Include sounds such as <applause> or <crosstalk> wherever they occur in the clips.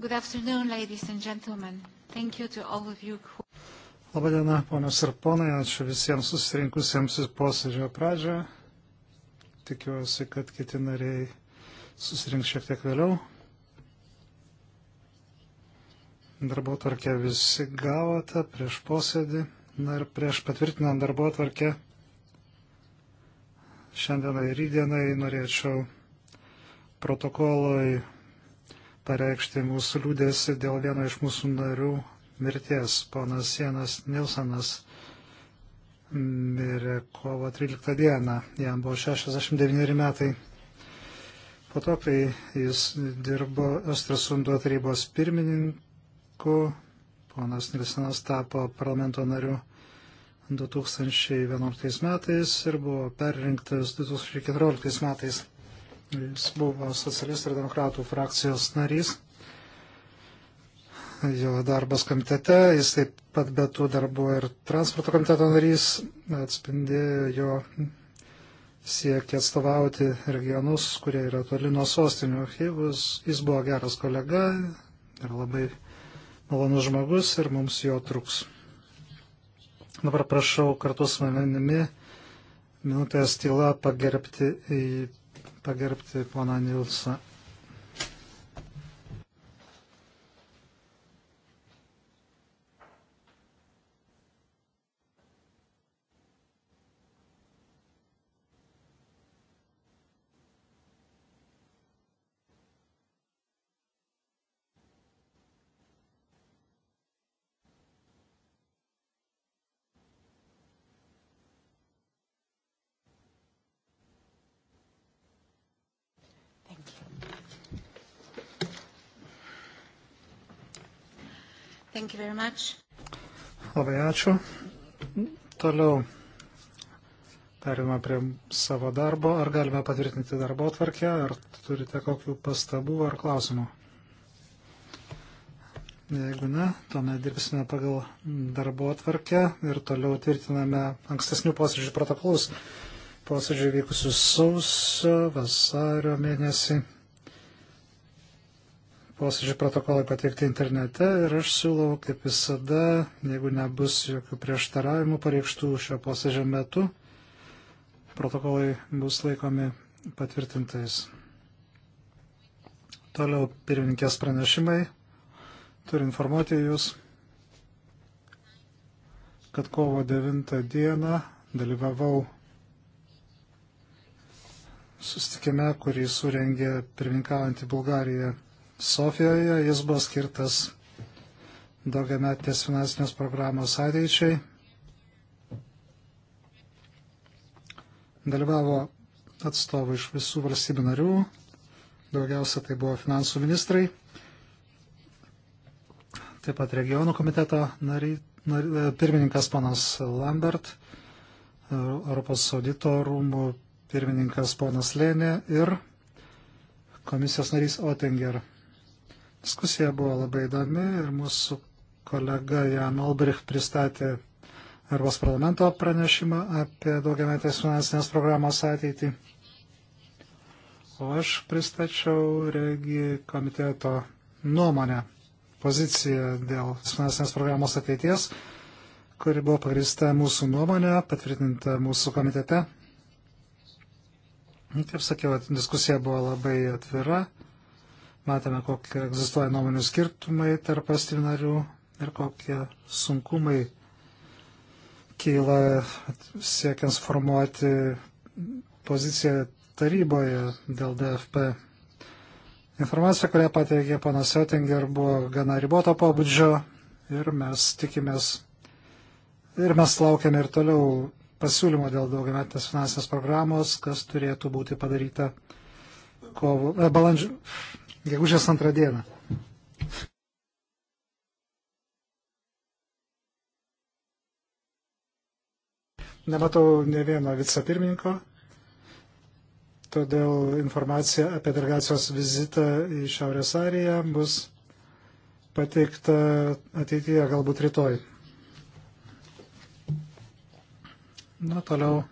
Good afternoon, ladies and gentlemen. Thank you to all of you who... Labadiena, ponios ir ponai, ačiū visiems susirinkusiems į posėdžio pradžią. Tikiuosi, kad kiti nariai susirinks šiek tiek vėliau. Darbo tvarkę visi gavote prieš posėdį. Na ir prieš patvirtinant darbo tvarkę šiandienai ir rydienai norėčiau protokolui pareikšti mūsų liūdėsi dėl vieno iš mūsų narių mirties. Ponas Sienas Nilsonas mirė kovo 13 dieną, jam buvo 69 metai. Po to, kai jis dirbo Ostrasundo tarybos pirmininku, ponas Nilsonas tapo parlamento nariu 2011 metais ir buvo perrinktas 2014 metais. Jis buvo socialistų ir demokratų frakcijos narys. Jo darbas komitete, jis taip pat be tų darbų ir transporto komiteto narys atspindėjo jo siekia atstovauti regionus, kurie yra toli nuo sostinių. Jis, jis buvo geras kolega ir labai malonus žmogus ir mums jo truks. Dabar prašau kartu su manimi minutės tyla pagerbti į pagerbti poną Nilsą Labai ačiū. Toliau perima prie savo darbo. Ar galime patvirtinti darbo atvarkę, ar turite kokių pastabų ar klausimų? Jeigu ne, tuomet dirbsime pagal darbo atvarkę ir toliau tvirtiname ankstesnių posėdžių protokolus. Posėdžių vykusius sausio, vasario mėnesį posėdžių protokolai pateikti internete ir aš siūlau, kaip visada, jeigu nebus jokių prieštaravimų pareikštų šio posėdžio metu, protokolai bus laikomi patvirtintais. Toliau pirmininkės pranešimai. Turiu informuoti Jūs, kad kovo 9 dieną dalyvavau sustikime, kurį surengė pirmininkaujantį Bulgariją Sofijoje. Jis buvo skirtas daugiametės finansinės programos ateičiai. Dalyvavo atstovai iš visų valstybių narių, daugiausia tai buvo finansų ministrai, taip pat regionų komiteto nary, nary, e, pirmininkas ponas Lambert, e, Europos audito rūmų pirmininkas ponas Lėnė ir komisijos narys Otinger. Diskusija buvo labai įdomi ir mūsų kolega Jan Olbrich pristatė Europos parlamento pranešimą apie daugiametės finansinės programos ateitį. O aš pristačiau regi komiteto nuomonę, poziciją dėl finansinės programos ateities, kuri buvo pagrįsta mūsų nuomonė, patvirtinta mūsų komitete. Kaip sakiau, diskusija buvo labai atvira Matome, kokie egzistuoja nuomonių skirtumai tarp valstybių narių ir kokie sunkumai kyla siekiant formuoti poziciją taryboje dėl DFP. Informacija, kurią pateikė panas Oettinger, buvo gana riboto pobūdžio ir mes tikimės ir mes laukiame ir toliau pasiūlymo dėl daugiametės finansinės programos, kas turėtų būti padaryta kovo, e, balandžio, gegužės antrą dieną. Nematau ne vieno vicepirmininko, todėl informacija apie delegacijos vizitą į Šiaurės Ariją bus pateikta ateityje, galbūt rytoj. Na, toliau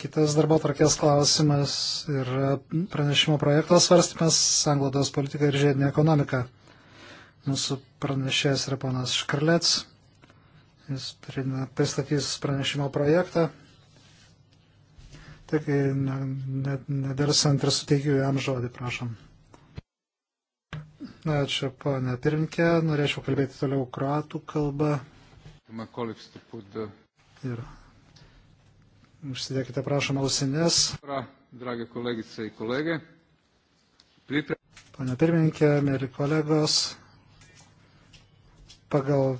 Kitas darbo tarkės klausimas yra pranešimo projektos svarstymas Sanglodos politika ir žiedinė ekonomika. Mūsų pranešėjas yra ponas Škarlets. Jis pristatys pranešimo projektą. Tik nedersant ir suteikiu jam žodį, prašom. Ačiū, ponė pirminkė. Norėčiau kalbėti toliau kroatų kalbą. Ir Užsidėkite, prašom, ausines. Dragi kolegice į kolegę. Pripre... Pane pirmininkė, mėly kolegos, pagal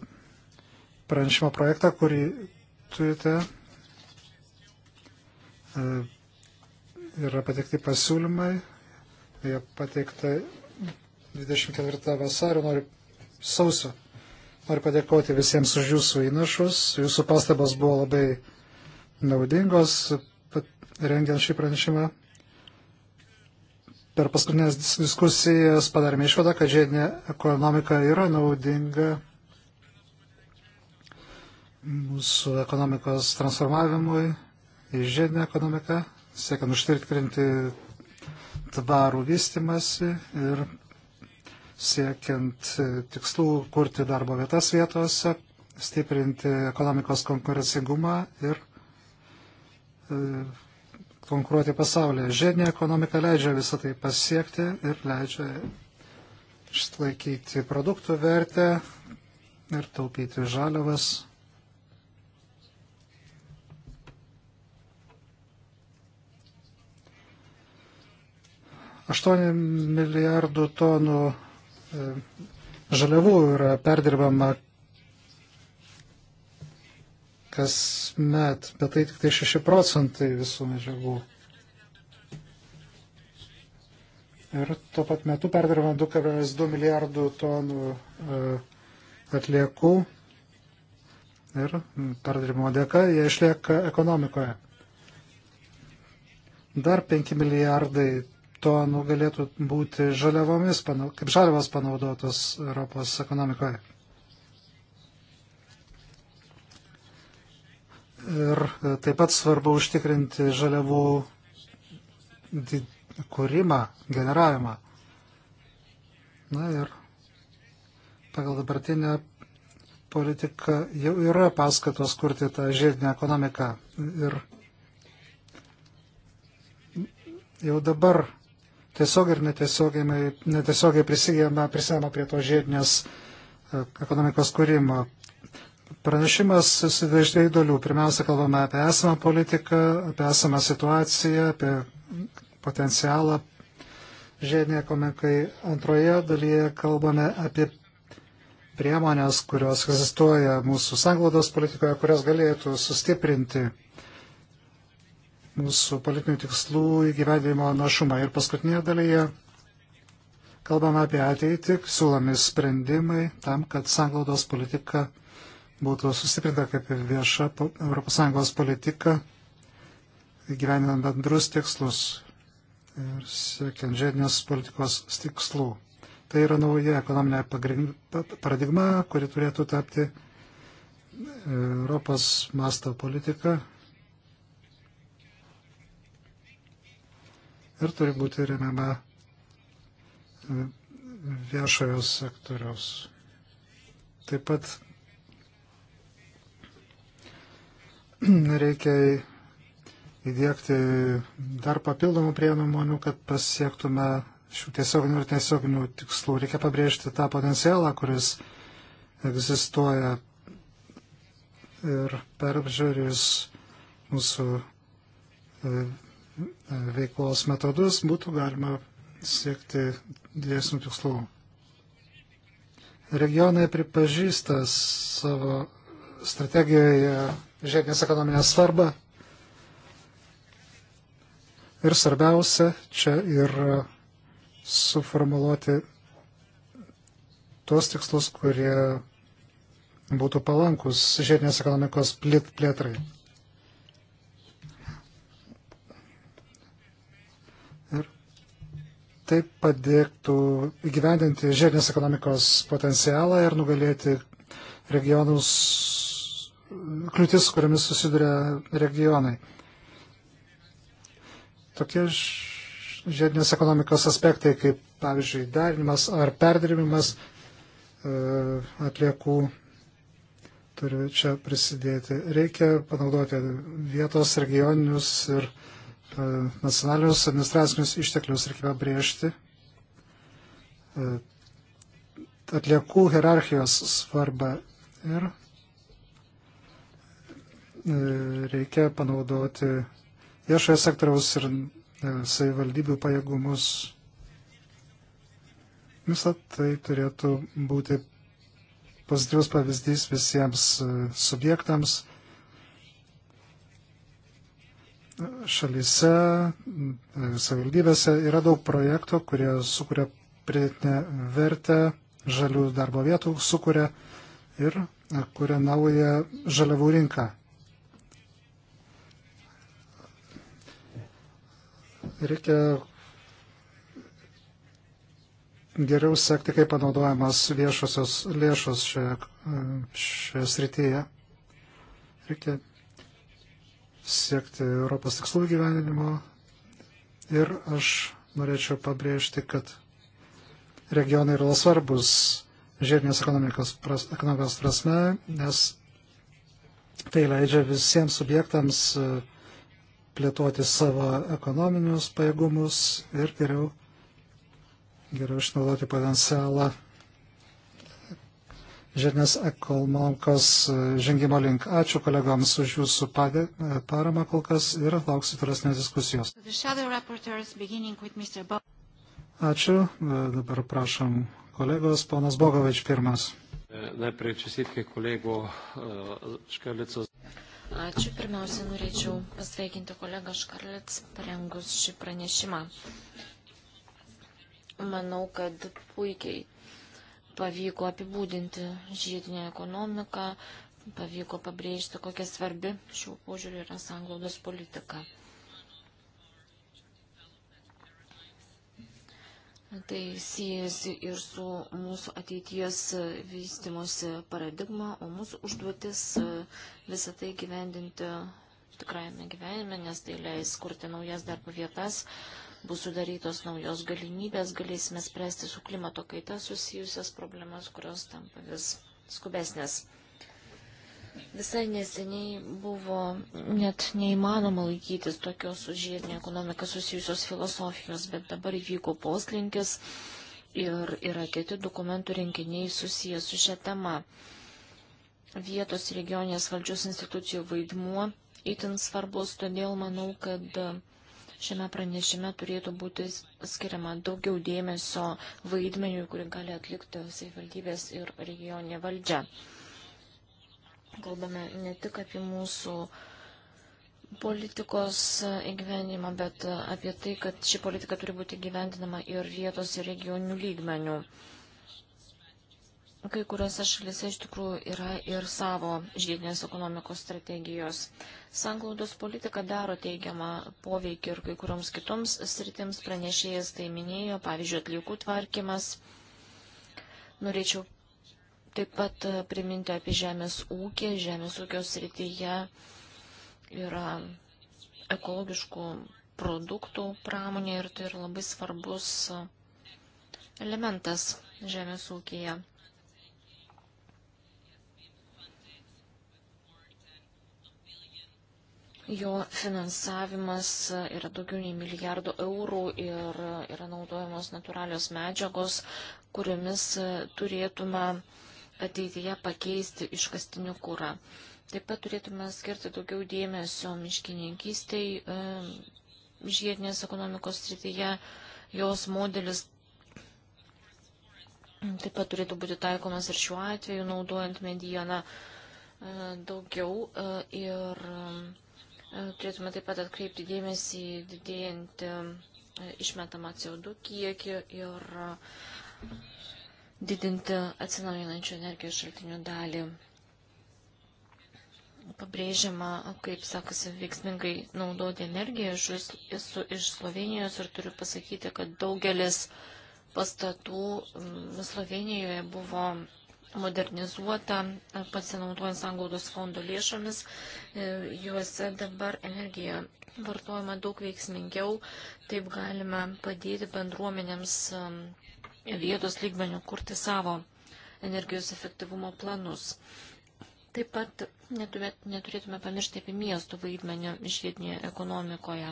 pranešimo projektą, kurį turite, e, yra pateikti pasiūlymai. Jie pateikta 24 vasario, noriu sausio. Noriu padėkoti visiems už jūsų įnašus. Jūsų pastabas buvo labai naudingos, rengiant šį pranešimą. Per paskutinės diskusijas padarėme išvadą, kad žiedinė ekonomika yra naudinga mūsų ekonomikos transformavimui į žiedinę ekonomiką, siekiant užtikrinti tvarų vystimasi ir siekiant tikslų kurti darbo vietas vietose, stiprinti ekonomikos konkurencingumą ir E, konkuruoti pasaulyje. Žiedinė ekonomika leidžia visą tai pasiekti ir leidžia išlaikyti produktų vertę ir taupyti žaliavas. Aštuoni milijardų tonų e, žaliavų yra perdirbama kasmet, bet tai tik tai 6 procentai visų medžiagų. Ir tuo pat metu perdirbame 2,2 milijardų tonų e, atliekų ir perdirbimo dėka jie išlieka ekonomikoje. Dar 5 milijardai tonų galėtų būti žaliavomis, kaip žaliavos panaudotos Europos ekonomikoje. Ir e, taip pat svarbu užtikrinti žaliavų kūrimą, generavimą. Na ir pagal dabartinę politiką jau yra paskatos kurti tą žiedinę ekonomiką. Ir jau dabar tiesiog ir netiesiogiai, netiesiogiai prisigėma, prisigėma prie to žiedinės e, ekonomikos kūrimo. Pranešimas susideda iš dviejų dalių. Pirmiausia, kalbame apie esamą politiką, apie esamą situaciją, apie potencialą žiedinė komikai. Antroje dalyje kalbame apie priemonės, kurios egzistuoja mūsų sanglaudos politikoje, kurios galėtų sustiprinti mūsų politinių tikslų įgyvendinimo našumą. Ir paskutinėje dalyje kalbame apie ateitį, siūlomi sprendimai tam, kad sanglaudos politika būtų sustiprinta kaip vieša ES politika, gyveninant bendrus tikslus ir siekiant žiedinės politikos tikslų. Tai yra nauja ekonominė paradigma, kuri turėtų tapti e, Europos masto politika ir turi būti remiama e, viešojo sektoriaus. Taip pat <clears throat> reikia įdėkti dar papildomų priemonių, kad pasiektume šių tiesioginių ir tiesioginių tikslų. Reikia pabrėžti tą potencialą, kuris egzistuoja ir peržiūrėjus mūsų e, e, veiklos metodus būtų galima siekti didesnių tikslų. Regionai pripažįsta savo strategijoje žiedinės ekonominės svarbą. Ir svarbiausia čia ir suformuluoti tuos tikslus, kurie būtų palankus žiedinės ekonomikos plėtrai. Ir tai padėktų įgyvendinti žiedinės ekonomikos potencialą ir nugalėti regionus kliūtis, kuriamis susiduria regionai. Tokie žiedinės ekonomikos aspektai, kaip pavyzdžiui, darinimas ar perdirbimas e, atliekų turi čia prisidėti. Reikia panaudoti vietos, regioninius ir e, nacionalinius administracinius išteklius, reikia pabrėžti e, atliekų hierarchijos svarbą ir E, reikia panaudoti viešojo sektoriaus ir e, savivaldybių pajėgumus. Visą tai turėtų būti pozityvus pavyzdys visiems e, subjektams šalyse, savivaldybėse yra daug projektų, kurie sukuria pridėtinę vertę, žalių darbo vietų sukuria ir kuria naują žaliavų rinką. Reikia geriau sekti, kaip panaudojamas viešosios lėšos šioje, šioje srityje. Reikia siekti Europos tikslų gyvenimo. Ir aš norėčiau pabrėžti, kad regionai yra svarbus žiedinės ekonomikos, pras, ekonomikos prasme, nes tai leidžia visiems subjektams uh, plėtoti savo ekonominius pajėgumus ir geriau, geriau išnaudoti potencialą žemės ekonomikos e, žengimo link. Ačiū kolegoms už jūsų padė, e, paramą kol kas ir lauksiu tolesnės diskusijos. Ačiū. E, dabar prašom kolegos, ponas Bogovič pirmas. Najprej čestitke kolego Škarlico. Ačiū. Pirmiausia, norėčiau pasveikinti kolegą Škarlets, parengus šį pranešimą. Manau, kad puikiai pavyko apibūdinti žiedinę ekonomiką, pavyko pabrėžti, kokia svarbi šių požiūrių yra sanglaudos politika. Tai siejasi ir su mūsų ateities e, vystimosi paradigma, o mūsų užduotis e, visą tai gyvendinti tikrajame gyvenime, nes tai leis kurti naujas darbo vietas, bus sudarytos naujos galimybės, galėsime spręsti su klimato kaita susijusias problemas, kurios tampa vis skubesnės. Visai neseniai buvo net neįmanoma laikytis tokios su žiedinė ekonomika susijusios filosofijos, bet dabar įvyko poslinkis ir yra kiti dokumentų rinkiniai susijęs su šia tema. Vietos regionės valdžios institucijų vaidmuo itin svarbus, todėl manau, kad šiame pranešime turėtų būti skiriama daugiau dėmesio vaidmeniui, kurį gali atlikti savivaldybės ir regioninė valdžia. Kalbame ne tik apie mūsų politikos įgyvendinimą, bet apie tai, kad ši politika turi būti gyvendinama ir vietos ir regioninių lygmenių. Kai kuriuose šalise iš tikrųjų yra ir savo žiedinės ekonomikos strategijos. Sanglaudos politika daro teigiamą poveikį ir kai kurioms kitoms sritims pranešėjas tai minėjo, pavyzdžiui, atliekų tvarkymas. Norėčiau Taip pat e, priminti apie žemės ūkį. Žemės ūkio srityje yra ekologiškų produktų pramonė ir tai yra labai svarbus e, elementas žemės ūkija. Jo finansavimas e, yra daugiau nei milijardų eurų ir yra naudojamos natūralios medžiagos, kuriomis turėtume uh, ateityje pakeisti iškastinių kūrą. Taip pat turėtume skirti daugiau dėmesio miškininkystei e, žiedinės ekonomikos srityje, jos modelis taip pat turėtų būti taikomas ir šiuo atveju, naudojant medieną e, daugiau e, ir turėtume taip pat atkreipti dėmesį didėjantį išmetamą CO2 kiekį ir didinti atsinaujinančių energijos šaltinių dalį. Pabrėžiama, kaip sakasi veiksmingai naudoti energiją. Aš esu iš Slovenijos ir turiu pasakyti, kad daugelis pastatų mm, Slovenijoje buvo modernizuota, pasinaudojant sanglaudos fondo lėšomis. E, juose dabar energija vartojama daug veiksmingiau, taip galime padėti bendruomenėms mm, vietos lygmenių kurti savo energijos efektyvumo planus. Taip pat neturėtume pamiršti apie miestų vaidmenį žiedinėje ekonomikoje.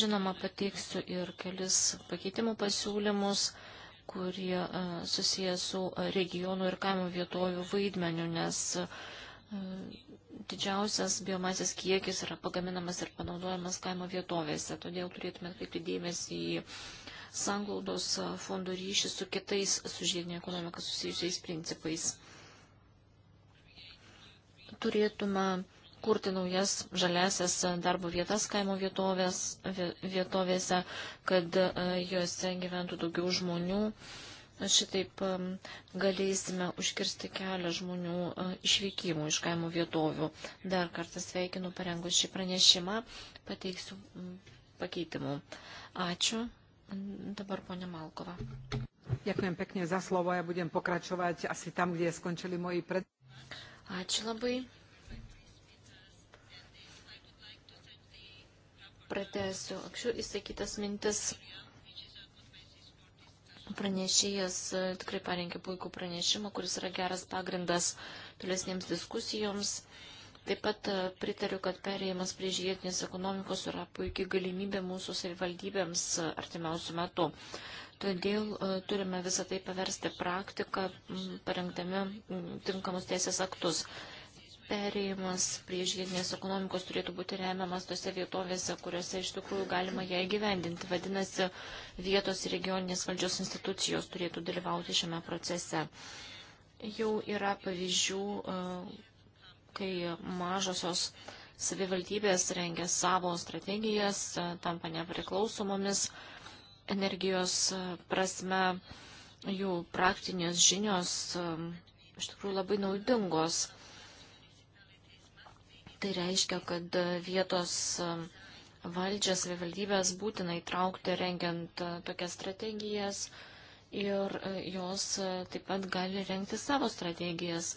Žinoma, pateiksiu ir kelis pakeitimų pasiūlymus, kurie e, susijęs su regionų ir kaimo vietovių vaidmeniu, nes e, didžiausias biomasės kiekis yra pagaminamas ir panaudojamas kaimo vietovėse. Todėl turėtume atkreipti dėmesį į sanglaudos fondo ryšį su kitais su žiedinė ekonomika susijusiais principais. Turėtume kurti naujas žaliasias darbo vietas kaimo vietovės, vietovėse, kad e, juose gyventų daugiau žmonių. Šitaip galėsime užkirsti kelią žmonių e, išvykimų iš kaimo vietovių. Dar kartą sveikinu parengus šį pranešimą, pateiksiu pakeitimų. Ačiū. Dabar ponia Malkova. Ďakujem pekne za slovo. Ja budem pokračovať asi tam, kde skončili moji pred... Ačiū labai. Pratesiu anksčiau įsakytas mintis. Pranešėjas tikrai parengė puikų pranešimą, kuris yra geras pagrindas tolesniems diskusijoms. Taip pat e, pritariu, kad perėjimas prie žiedinės ekonomikos yra puikiai galimybė mūsų savivaldybėms e, artimiausių metų. Todėl e, turime visą tai paversti praktiką, parengdami tinkamus teisės aktus. Perėjimas prie žiedinės ekonomikos turėtų būti remiamas tose vietovėse, kuriuose iš tikrųjų galima ją įgyvendinti. Vadinasi, vietos ir regioninės valdžios institucijos turėtų dalyvauti šiame procese. Jau yra pavyzdžių, kai mažosios savivaldybės rengia savo strategijas, e, tampa nepriklausomomis energijos e, prasme, jų praktinės žinios e, iš tikrųjų labai naudingos. Tai reiškia, kad vietos valdžias savivaldybės būtina įtraukti rengiant tokias strategijas ir jos taip pat gali rengti savo strategijas.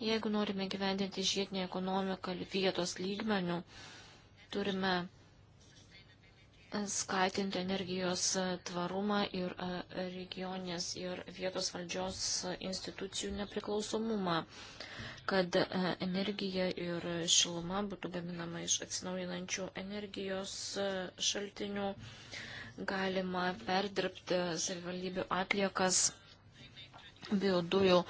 Jeigu norime gyvendinti žiedinį ekonomiką vietos lygmenių, turime skatinti energijos tvarumą ir e, regionės ir vietos valdžios institucijų nepriklausomumą, kad e, energija ir šiluma būtų gaminama iš atsinaujinančių energijos e, šaltinių, galima perdirbti savivaldybių atliekas biodujų dujų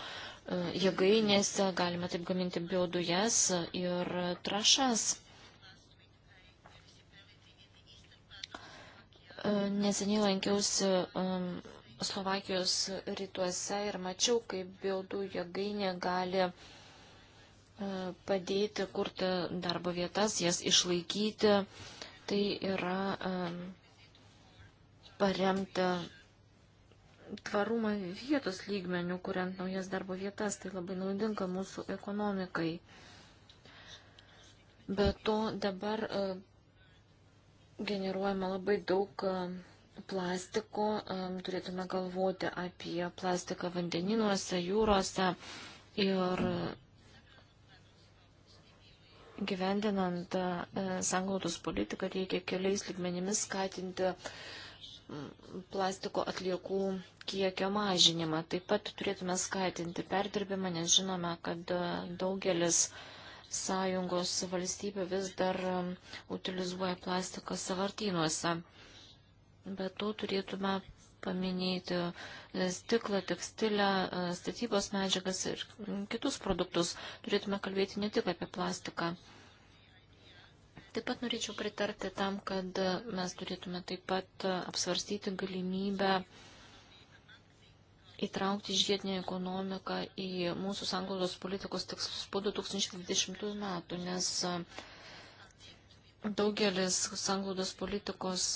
E, jėgainėse, galime taip gaminti biodujas ir trašas. E, neseniai lankiausi e, Slovakijos rytuose ir mačiau, kaip biodų jėgainė gali padėti kurti darbo vietas, jas išlaikyti. Tai yra paremta tvarumą vietos lygmenių, kuriant naujas darbo vietas, tai labai naudinga mūsų ekonomikai. Be to dabar e, generuojama labai daug e, plastiko, e, turėtume galvoti apie plastiką vandeninuose, jūrose ir gyvendinant sanglautos politiką reikia keliais lygmenimis skatinti uh, plastiko atliekų kiekio mažinimą. Taip pat turėtume skatinti perdirbimą, nes žinome, kad e, daugelis sąjungos valstybių vis dar e, utilizuoja plastiką savartynuose. Bet to turėtume paminėti e, stiklą, tekstilę, statybos medžiagas ir kitus produktus. Turėtume kalbėti ne tik apie plastiką. Taip pat norėčiau pritarti tam, kad mes turėtume taip pat apsvarstyti galimybę įtraukti žiedinę ekonomiką į mūsų sanglaudos politikos tikslus po 2020 metų, nes daugelis sanglaudos politikos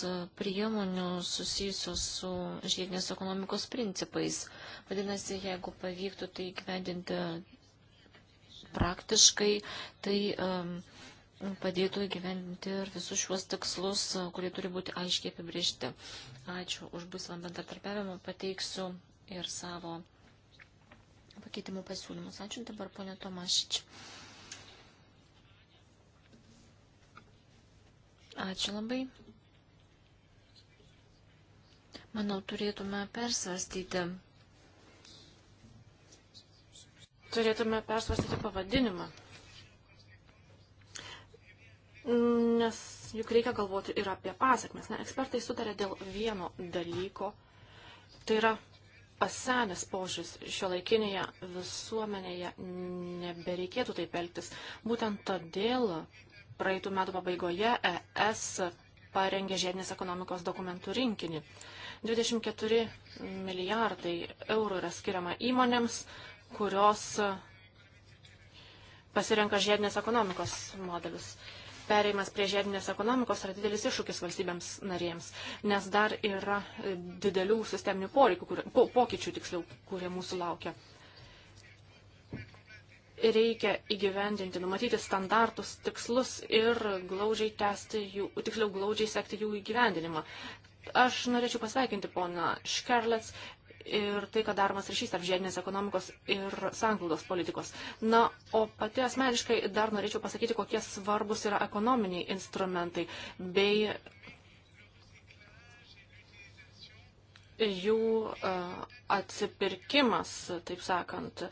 priemonių susijusios su žiedinės ekonomikos principais. Vadinasi, jeigu pavyktų tai gyvendinti praktiškai, tai um, padėtų įgyvendinti ir visus šiuos tikslus, kurie turi būti aiškiai apibriežti. Ačiū už būsimą bendratarpiavimą, pateiksiu ir savo pakeitimų pasiūlymus. Ačiū dabar, ponė Tomašič. Ačiū labai. Manau, turėtume persvarstyti. Turėtume persvarstyti pavadinimą nes juk reikia galvoti ir apie pasakmes. Na, ekspertai sutarė dėl vieno dalyko. Tai yra pasenęs požiūris šio laikinėje visuomenėje nebereikėtų taip elgtis. Būtent todėl praeitų metų pabaigoje ES parengė žiedinės ekonomikos dokumentų rinkinį. 24 milijardai eurų yra skiriama įmonėms, kurios pasirenka žiedinės ekonomikos modelius pereimas prie žiedinės ekonomikos yra didelis iššūkis valstybėms narėms, nes dar yra e, didelių sisteminių poreikių, kur, po, pokyčių tiksliau, kurie mūsų laukia. Reikia įgyvendinti, numatyti standartus, tikslus ir glaudžiai tęsti jų, tiksliau glaudžiai sekti jų įgyvendinimą. Aš norėčiau pasveikinti poną Škerlets ir tai, kad daromas ryšys tarp žiedinės ekonomikos ir sanglaudos politikos. Na, o pati asmeniškai dar norėčiau pasakyti, kokie svarbus yra ekonominiai instrumentai bei e, jų e, atsipirkimas, taip sakant,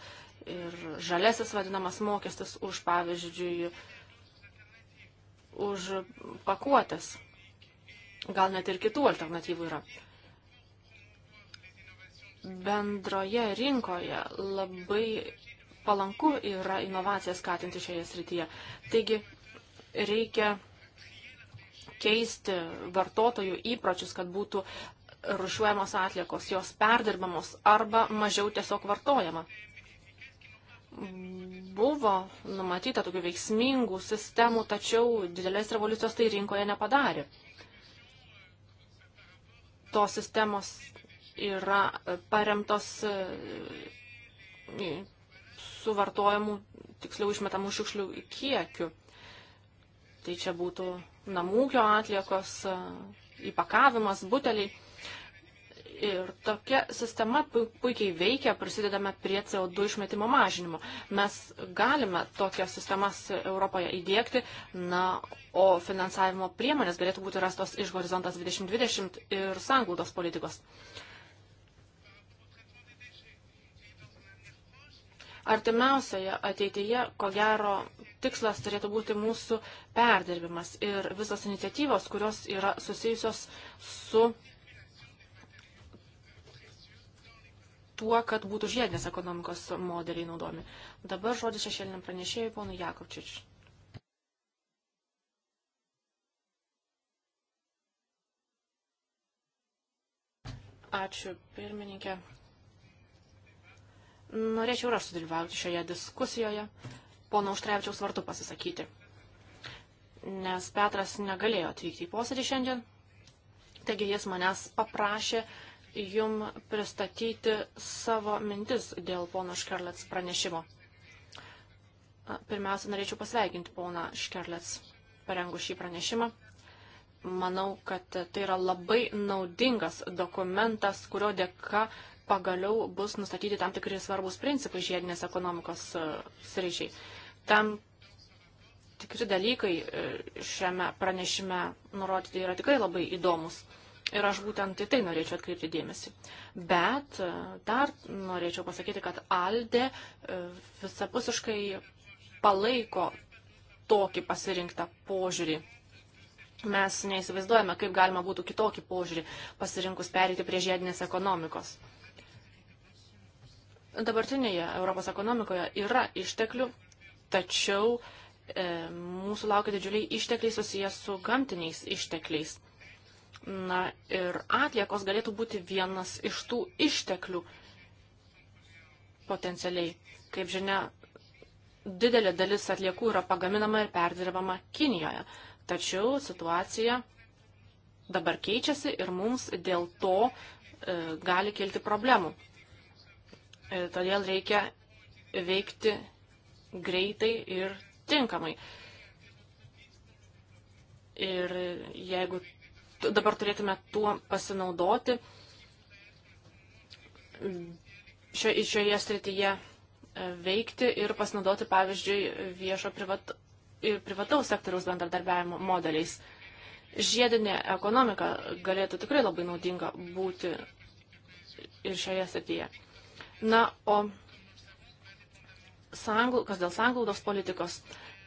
ir žalesis vadinamas mokestis už, pavyzdžiui, už pakuotės. Gal net ir kitų alternatyvų yra bendroje rinkoje labai palanku yra inovacijas skatinti šioje srityje. Taigi reikia keisti vartotojų įpročius, kad būtų rušiuojamos atliekos, jos perdirbamos arba mažiau tiesiog vartojama. Buvo numatyta tokių veiksmingų sistemų, tačiau didelės revoliucijos tai rinkoje nepadarė. Tos sistemos yra paremtos e, suvartojimų, tiksliau išmetamų šiukšlių kiekiu. Tai čia būtų namūkio atliekos, e, įpakavimas, buteliai. Ir tokia sistema puikiai veikia, prisidedame prie CO2 išmetimo mažinimo. Mes galime tokias sistemas Europoje įdėkti, na, o finansavimo priemonės galėtų būti rastos iš horizontas 2020 ir sanglaudos politikos. Uh, Artimiausioje ateityje, ko gero, tikslas turėtų būti mūsų perdirbimas ir visos iniciatyvos, kurios yra susijusios su tuo, kad būtų žiedinės ekonomikos modeliai naudomi. Dabar žodis šešėliniam pranešėjui, ponui Jakovčičiui. Ačiū, pirmininkė. Norėčiau ir aš sudalyvauti šioje diskusijoje, pono Užtrevičiaus vardu pasisakyti. Nes Petras negalėjo atvykti į posėdį šiandien, taigi jis manęs paprašė jum pristatyti savo mintis dėl pono Škerlets pranešimo. Pirmiausia, norėčiau pasveikinti poną Škerlets parengu šį pranešimą. Manau, kad tai yra labai naudingas dokumentas, kurio dėka pagaliau bus nustatyti tam tikri svarbus principai žiedinės ekonomikos e, sričiai. Tam tikri dalykai e, šiame pranešime nurodyti yra tikrai labai įdomus. Ir aš būtent į tai norėčiau atkreipti dėmesį. Bet e, dar norėčiau pasakyti, kad Alde visapusiškai palaiko tokį pasirinktą požiūrį. Mes neįsivaizduojame, kaip galima būtų kitokį požiūrį pasirinkus perėti prie žiedinės ekonomikos. Dabartinėje Europos ekonomikoje yra išteklių, tačiau e, mūsų laukia didžiuliai ištekliai susijęs su gamtiniais ištekliais. Na ir atliekos galėtų būti vienas iš tų išteklių potencialiai. Kaip žinia, didelė dalis atliekų yra pagaminama ir perdirbama Kinijoje. Tačiau situacija dabar keičiasi ir mums dėl to e, gali kilti problemų. E, todėl reikia veikti greitai ir tinkamai. Ir jeigu dabar turėtume tuo pasinaudoti, šio, šioje srityje e, veikti ir pasinaudoti, pavyzdžiui, viešo privat, ir privataus sektoriaus bendradarbiavimo modeliais. Žiedinė ekonomika galėtų tikrai labai naudinga būti ir šioje srityje. Na, o sangl, kas dėl sanglaudos politikos,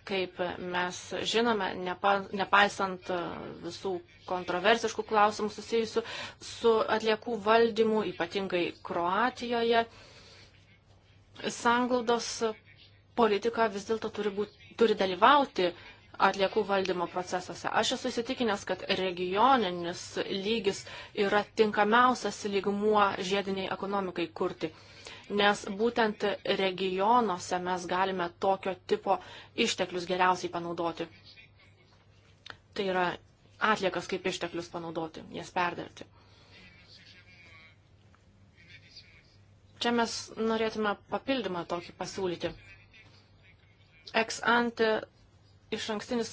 kaip mes žinome, nepa, nepaisant e, visų kontroversiškų klausimų susijusių su atliekų valdymu, ypatingai Kroatijoje, sanglaudos politika vis dėlto turi, būt, turi dalyvauti atliekų valdymo procesuose. Aš esu įsitikinęs, kad regioninis lygis yra tinkamiausias lygmuo žiediniai ekonomikai kurti nes būtent regionuose mes galime tokio tipo išteklius geriausiai panaudoti. Tai yra atliekas kaip išteklius panaudoti, jas perdirbti. Čia mes norėtume papildymą tokį pasiūlyti. Ex ante iš ankstinis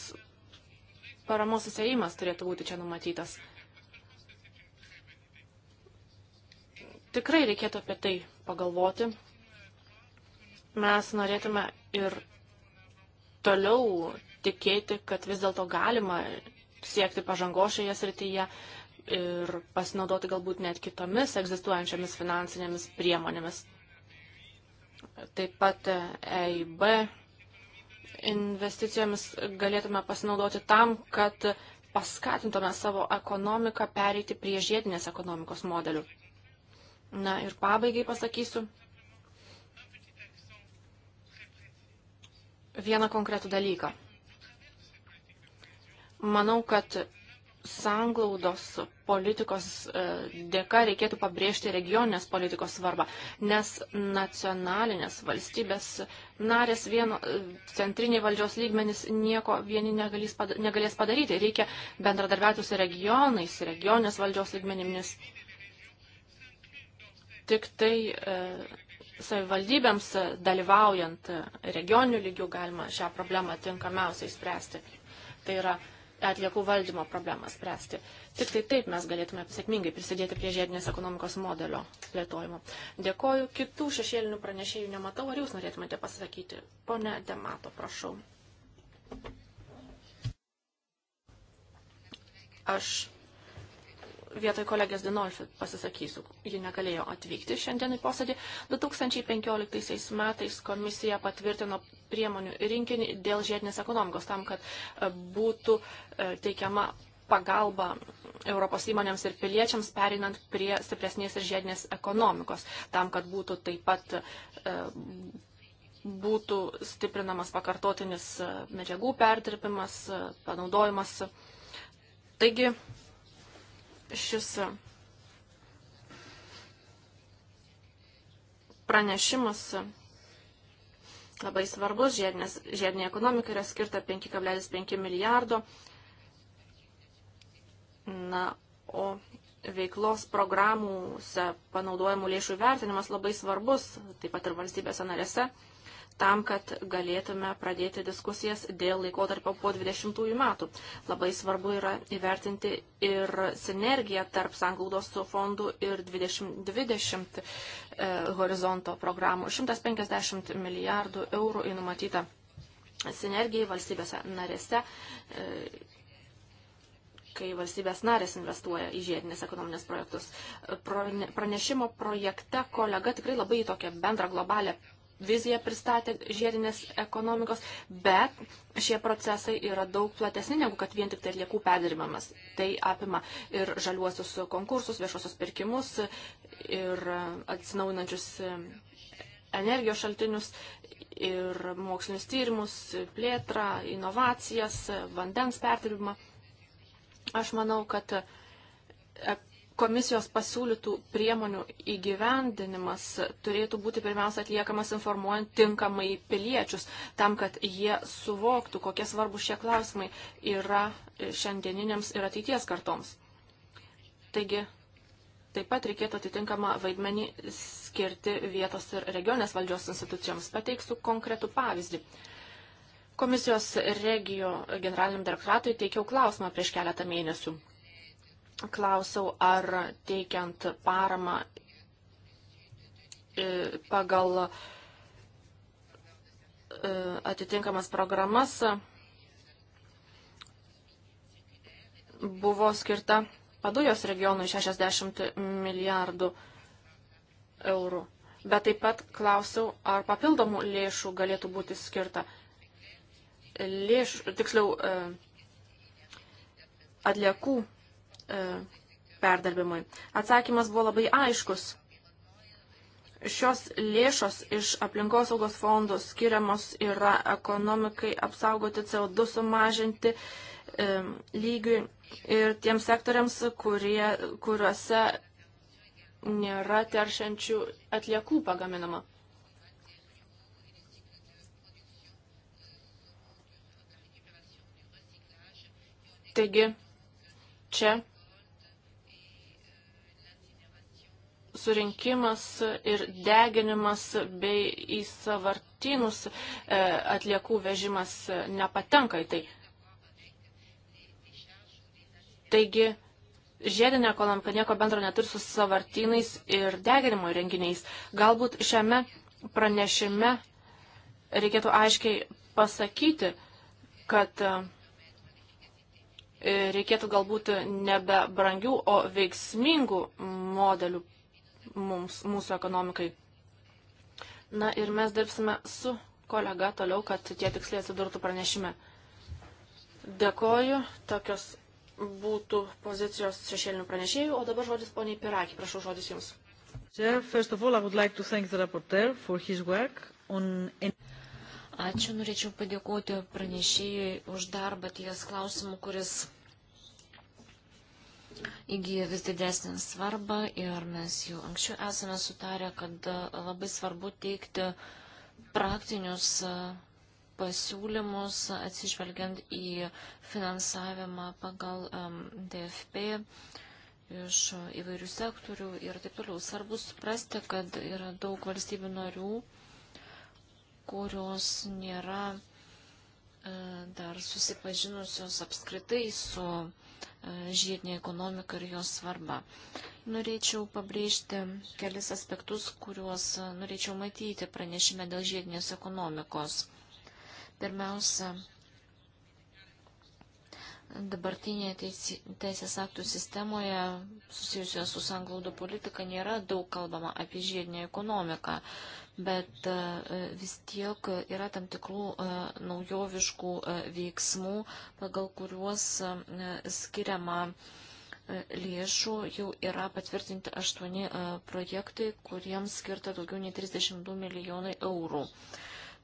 paramos įsėjimas turėtų būti čia numatytas. Tikrai reikėtų apie tai pagalvoti. Mes norėtume ir toliau tikėti, kad vis dėlto galima siekti pažangos šioje srityje ir pasinaudoti galbūt net kitomis egzistuojančiamis finansinėmis priemonėmis. Taip pat EIB investicijomis galėtume pasinaudoti tam, kad paskatintume savo ekonomiką pereiti prie žiedinės ekonomikos modelių. Na ir pabaigai pasakysiu vieną konkretų dalyką. Manau, kad sanglaudos politikos e, dėka reikėtų pabrėžti regioninės politikos svarbą, nes nacionalinės valstybės narės vieno e, centriniai valdžios lygmenis nieko vieni negalės padaryti. Reikia bendradarbiauti su regionais, regioninės valdžios lygmenimis. Tik tai e, savivaldybėms e, dalyvaujant e, regionių lygių galima šią problemą tinkamiausiai spręsti. Tai yra atliekų valdymo problemą spręsti. Tik tai taip mes galėtume sėkmingai prisidėti prie žiedinės ekonomikos modelio plėtojimo. Dėkoju. Kitų šešėlinių pranešėjų nematau. Ar jūs norėtumėte pasakyti? Pone Demato, prašau. Aš vietoj kolegės Dinolfi pasisakysiu. Ji negalėjo atvykti šiandien į posėdį. 2015 metais komisija patvirtino priemonių rinkinį dėl žiedinės ekonomikos tam, kad e, būtų e, teikiama pagalba Europos įmonėms ir piliečiams perinant prie stipresnės ir žiedinės ekonomikos, tam, kad būtų taip pat e, būtų stiprinamas pakartotinis medžiagų perdirbimas, panaudojimas. Taigi, Šis pranešimas labai svarbus, žiedinės, žiedinė ekonomika yra skirta 5,5 milijardo. Na, o veiklos programuose panaudojimų lėšų vertinimas labai svarbus, taip pat ir valstybėse narėse tam, kad galėtume pradėti diskusijas dėl laikotarpio po 20 metų. Labai svarbu yra įvertinti ir sinergiją tarp sanglaudos fondų ir 2020 20, e, horizonto programų. 150 milijardų eurų įnumatyta sinergijai valstybėse narėse. E, kai valstybės narės investuoja į žiedinės ekonominės projektus. Pranešimo projekte kolega tikrai labai tokią bendrą globalę viziją pristatė žiedinės ekonomikos, bet šie procesai yra daug platesni negu kad vien tik tai atliekų perdirbimas. Tai apima ir žaliuosius konkursus, viešosios pirkimus ir atsinaujinančius energijos šaltinius ir mokslinius tyrimus, plėtrą, inovacijas, vandens perdirbimą. Aš manau, kad komisijos pasiūlytų priemonių įgyvendinimas turėtų būti pirmiausia atliekamas informuojant tinkamai piliečius, tam, kad jie suvoktų, kokie svarbu šie klausimai yra šiandieninėms ir ateities kartoms. Taigi, taip pat reikėtų atitinkamą vaidmenį skirti vietos ir regionės valdžios institucijoms. Pateiksiu konkretų pavyzdį. Komisijos regio generaliniam direktoratui teikiau klausimą prieš keletą mėnesių klausiau, ar teikiant paramą e, pagal e, atitinkamas programas buvo skirta padujos regionui 60 milijardų eurų. Bet taip pat klausiau, ar papildomų lėšų galėtų būti skirta. Lėšų, tiksliau, e, atliekų E, perdarbimui. Atsakymas buvo labai aiškus. Šios lėšos iš aplinkosaugos fondų skiriamos yra ekonomikai apsaugoti CO2 sumažinti e, lygiui ir tiems sektoriams, kurie, kuriuose nėra teršiančių atliekų pagaminama. Taigi, čia surinkimas ir deginimas bei į savartynus e, atliekų vežimas e, nepatenka į tai. Taigi, žiedinė ekonomika nieko bendro neturi su savartynais ir deginimo renginiais. Galbūt šiame pranešime reikėtų aiškiai pasakyti, kad e, reikėtų galbūt nebe brangių, o veiksmingų modelių mums, mūsų ekonomikai. Na ir mes dirbsime su kolega toliau, kad tie tiksliai atsidurtų pranešime. Dėkoju, tokios būtų pozicijos šešėlinių pranešėjų, o dabar žodis poniai Piraki, prašau žodis jums. Ačiū, norėčiau padėkoti pranešėjui už darbą ties klausimu, kuris įgyja vis didesnį svarbą ir mes jau anksčiau esame sutarę, kad e, labai svarbu teikti praktinius e, pasiūlymus atsižvelgiant į finansavimą pagal DFP iš įvairių sektorių ir taip toliau. Svarbu suprasti, kad yra daug valstybių narių, kurios nėra e, dar susipažinusios apskritai su žiedinė ekonomika ir jos svarba. Norėčiau pabrėžti kelis aspektus, kuriuos norėčiau matyti pranešime dėl žiedinės ekonomikos. Pirmiausia, dabartinėje teisi, teisės aktų sistemoje susijusioje su sanglaudo politika nėra daug kalbama apie žiedinę ekonomiką, bet e, vis tiek yra tam tikrų e, naujoviškų e, veiksmų, pagal kuriuos skiriama lėšų jau yra patvirtinti aštuoni projektai, kuriems skirta daugiau nei 32 milijonai eurų.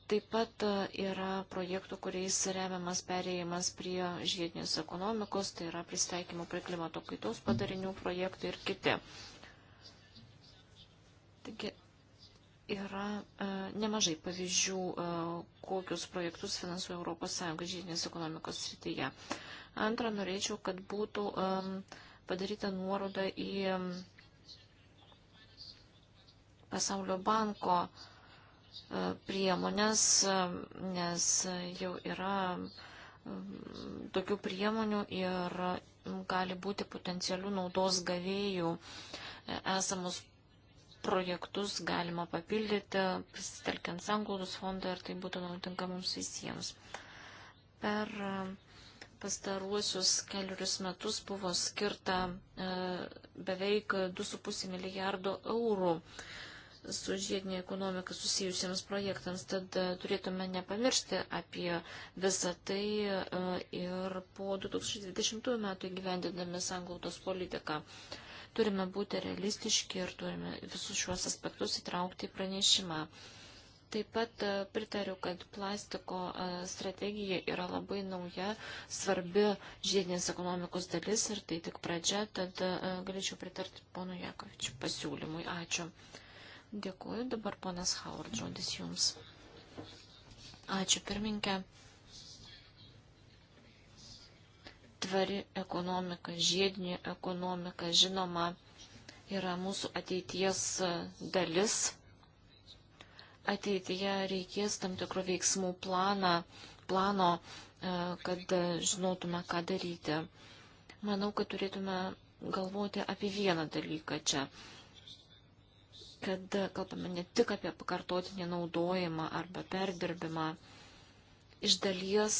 Taip pat e, yra projektų, kuriais remiamas perėjimas prie žiedinės ekonomikos, tai yra pristaikymo prie klimato kaitos padarinių projektai ir kiti. Taigi yra e, nemažai pavyzdžių, e, kokius projektus finansuoja ES žiedinės ekonomikos srityje. Antra, norėčiau, kad būtų e, padaryta nuoroda į Pasaulio banko e, priemonės, nes jau yra um, tokių priemonių ir um, gali būti potencialių naudos gavėjų e, esamus projektus galima papildyti, pasitelkiant sanglaudos fondą ir tai būtų naudinga mums visiems. Per um, pastaruosius keliurius metus buvo skirta e, beveik 2,5 milijardo eurų su žiedinė ekonomika susijusiems projektams, tad e, turėtume nepamiršti apie visą tai e, ir po 2020 metų įgyvendinami sanglautos politiką. Turime būti realistiški ir turime visus šiuos aspektus įtraukti į pranešimą. Taip pat e, pritariu, kad plastiko strategija yra labai nauja, svarbi žiedinės ekonomikos dalis ir tai tik pradžia, tad galėčiau pritarti pono Jakovičių pasiūlymui. Ačiū. Dėkuoju dabar ponas Howard, žodis jums. Ačiū pirminkė. Tvari ekonomika, žiedinė ekonomika, žinoma, yra mūsų ateities e, dalis. Ateityje reikės tam tikro veiksmų planą, plano, e, kad e, žinotume, ką daryti. Manau, kad turėtume galvoti apie vieną dalyką čia kad kalbame ne tik apie pakartotinį naudojimą arba perdirbimą. Iš dalies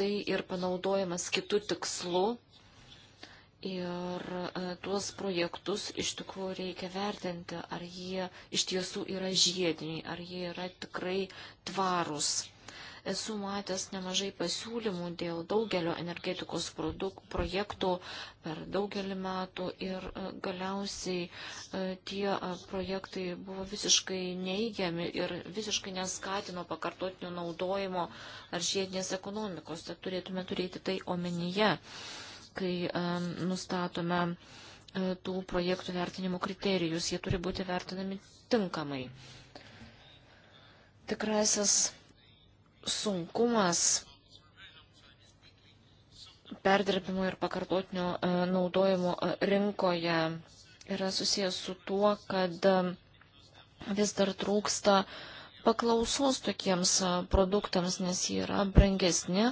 tai ir panaudojimas kitų tikslų ir e, tuos projektus iš tikrųjų reikia vertinti, ar jie iš tiesų yra žiediniai, ar jie yra tikrai tvarūs. Esu matęs nemažai pasiūlymų dėl daugelio energetikos projektų per daugelį metų ir e, galiausiai e, tie e, projektai buvo visiškai neįgiami ir visiškai neskatino pakartotinio naudojimo ar žiedinės ekonomikos. Tad turėtume turėti tai omenyje, kai nustatome tų projektų vertinimo kriterijus. Jie turi būti vertinami tinkamai. Tikrasis sunkumas perdirbimo ir pakartotinio e, naudojimo e, rinkoje yra susijęs su tuo, kad e, vis dar trūksta paklausos tokiems produktams, nes jie yra brangesni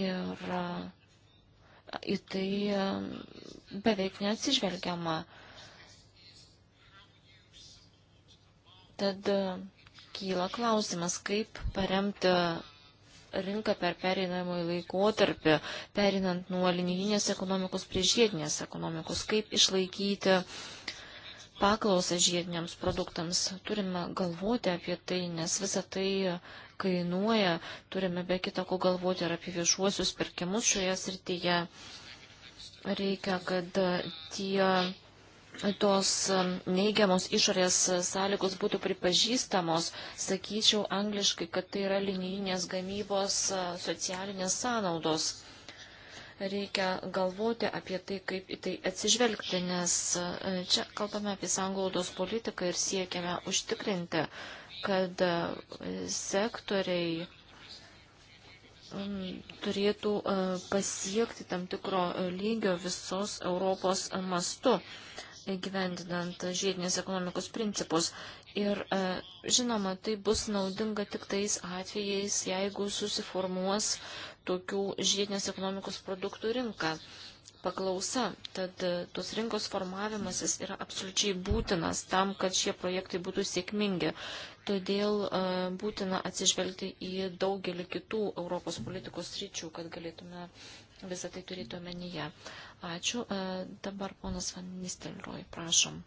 ir į tai beveik neatsižvelgiama. Tad kyla klausimas, kaip paremti rinką per pereinamąjį laikotarpį, pereinant nuo linijinės ekonomikos prie žiedinės ekonomikos, kaip išlaikyti paklausą žiediniams produktams. Turime galvoti apie tai, nes visa tai kainuoja, turime be kita ko galvoti ir apie viešuosius pirkimus šioje srityje. Reikia, kad tie tos um, neigiamos išorės sąlygos būtų pripažįstamos, sakyčiau angliškai, kad tai yra linijinės gamybos uh, socialinės sąnaudos. Reikia galvoti apie tai, kaip į tai atsižvelgti, nes uh, čia kalbame apie sanglaudos politiką ir siekiame užtikrinti, kad uh, sektoriai um, turėtų pasiekti tam tikro lygio visos Europos mastu įgyvendinant žiedinės ekonomikos principus. Ir e, žinoma, tai bus naudinga tik tais atvejais, jeigu susiformuos tokių žiedinės ekonomikos produktų rinka paklausa. Tad e, tos rinkos formavimasis yra absoliučiai būtinas tam, kad šie projektai būtų sėkmingi. Todėl e, būtina atsižvelgti į daugelį kitų Europos politikos ryčių, kad galėtume Visą tai turėtų omenyje. Ačiū. E, dabar ponas Van Nistelroj, prašom.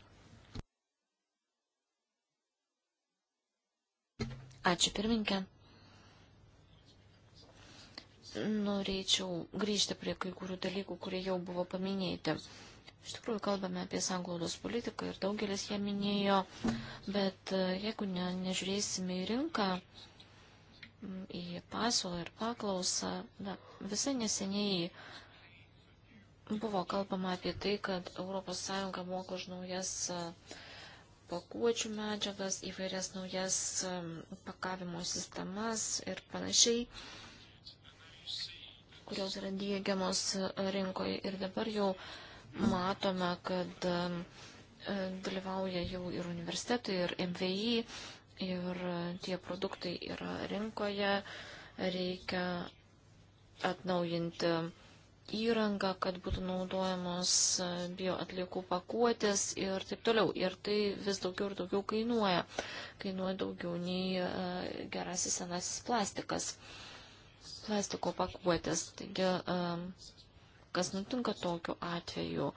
Ačiū pirminkė. Norėčiau grįžti prie kai kurių dalykų, kurie jau buvo paminėti. Iš tikrųjų, kalbame apie sanglaudos politiką ir daugelis ją minėjo, bet e, jeigu ne, nežiūrėsime į rinką, į pasiūlą ir paklausą. Da, visai neseniai buvo kalbama apie tai, kad ES moka už naujas pakuočių medžiagas, įvairias naujas pakavimo sistemas ir panašiai, kurios yra dėgiamos rinkoje. Ir dabar jau matome, kad dalyvauja jau ir universitetai, ir MVI ir tie produktai yra rinkoje, reikia atnaujinti įrangą, kad būtų naudojamos bioatliekų pakuotės ir taip toliau. Ir tai vis daugiau ir daugiau kainuoja. Kainuoja daugiau nei e, gerasis senasis plastikas, plastiko pakuotės. Taigi, e, kas nutinka tokiu atveju?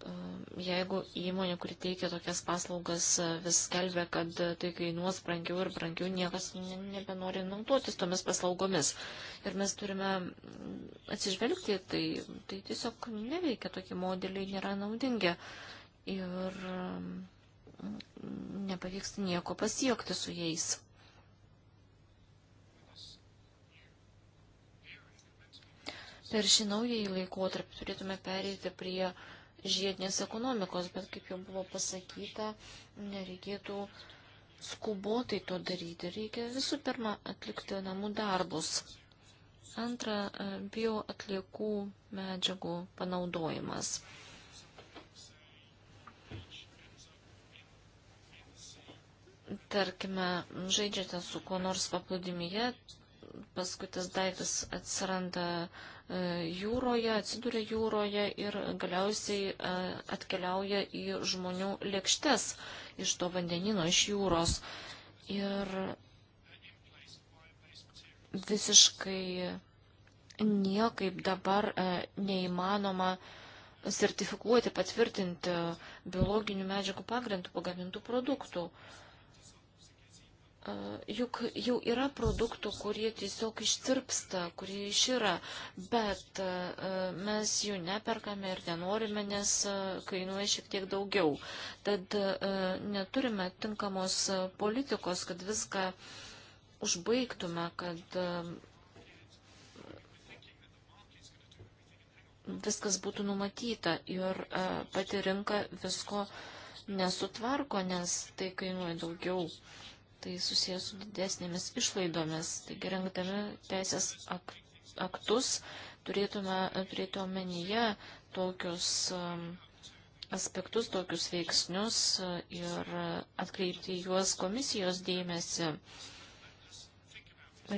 Ehm, jeigu įmonė, kuri teikia tokias paslaugas, e, vis skelbia, kad e, tai kainuos brangiau ir brangiau, niekas nebenori naudotis tomis paslaugomis. Ir mes turime mm, atsižvelgti, tai, tai tiesiog neveikia, tokie modeliai nėra naudingi. Ir mm, nepavyks nieko pasiekti su jais. Per šį naująjį laikotarpį turėtume pereiti prie uh, žiedinės ekonomikos, bet kaip jau buvo pasakyta, nereikėtų skubotai to daryti. Reikia visų pirma atlikti namų darbus. Antra, e, bio atliekų medžiagų panaudojimas. Tarkime, žaidžiate su kuo nors paplūdimyje, paskui tas daiktas atsiranda uh, jūroje, atsiduria jūroje ir galiausiai e, atkeliauja į žmonių lėkštes iš to vandenino, iš jūros. Ir visiškai niekaip dabar e, neįmanoma sertifikuoti, patvirtinti biologinių medžiagų pagrindų pagamintų produktų. Uh, Juk jau yra produktų, kurie tiesiog ištirpsta, kurie išyra, bet mes jų neperkame ir nenorime, nes kainuoja šiek tiek daugiau. Tad neturime tinkamos politikos, kad viską užbaigtume, kad viskas būtų numatyta ir pati rinka visko nesutvarko, nes tai kainuoja daugiau tai susijęs su didesnėmis išlaidomis. Taigi, rengdami teisės ak aktus, turėtume turėti omenyje tokius um, aspektus, tokius veiksnius uh, ir atkreipti juos komisijos dėmesį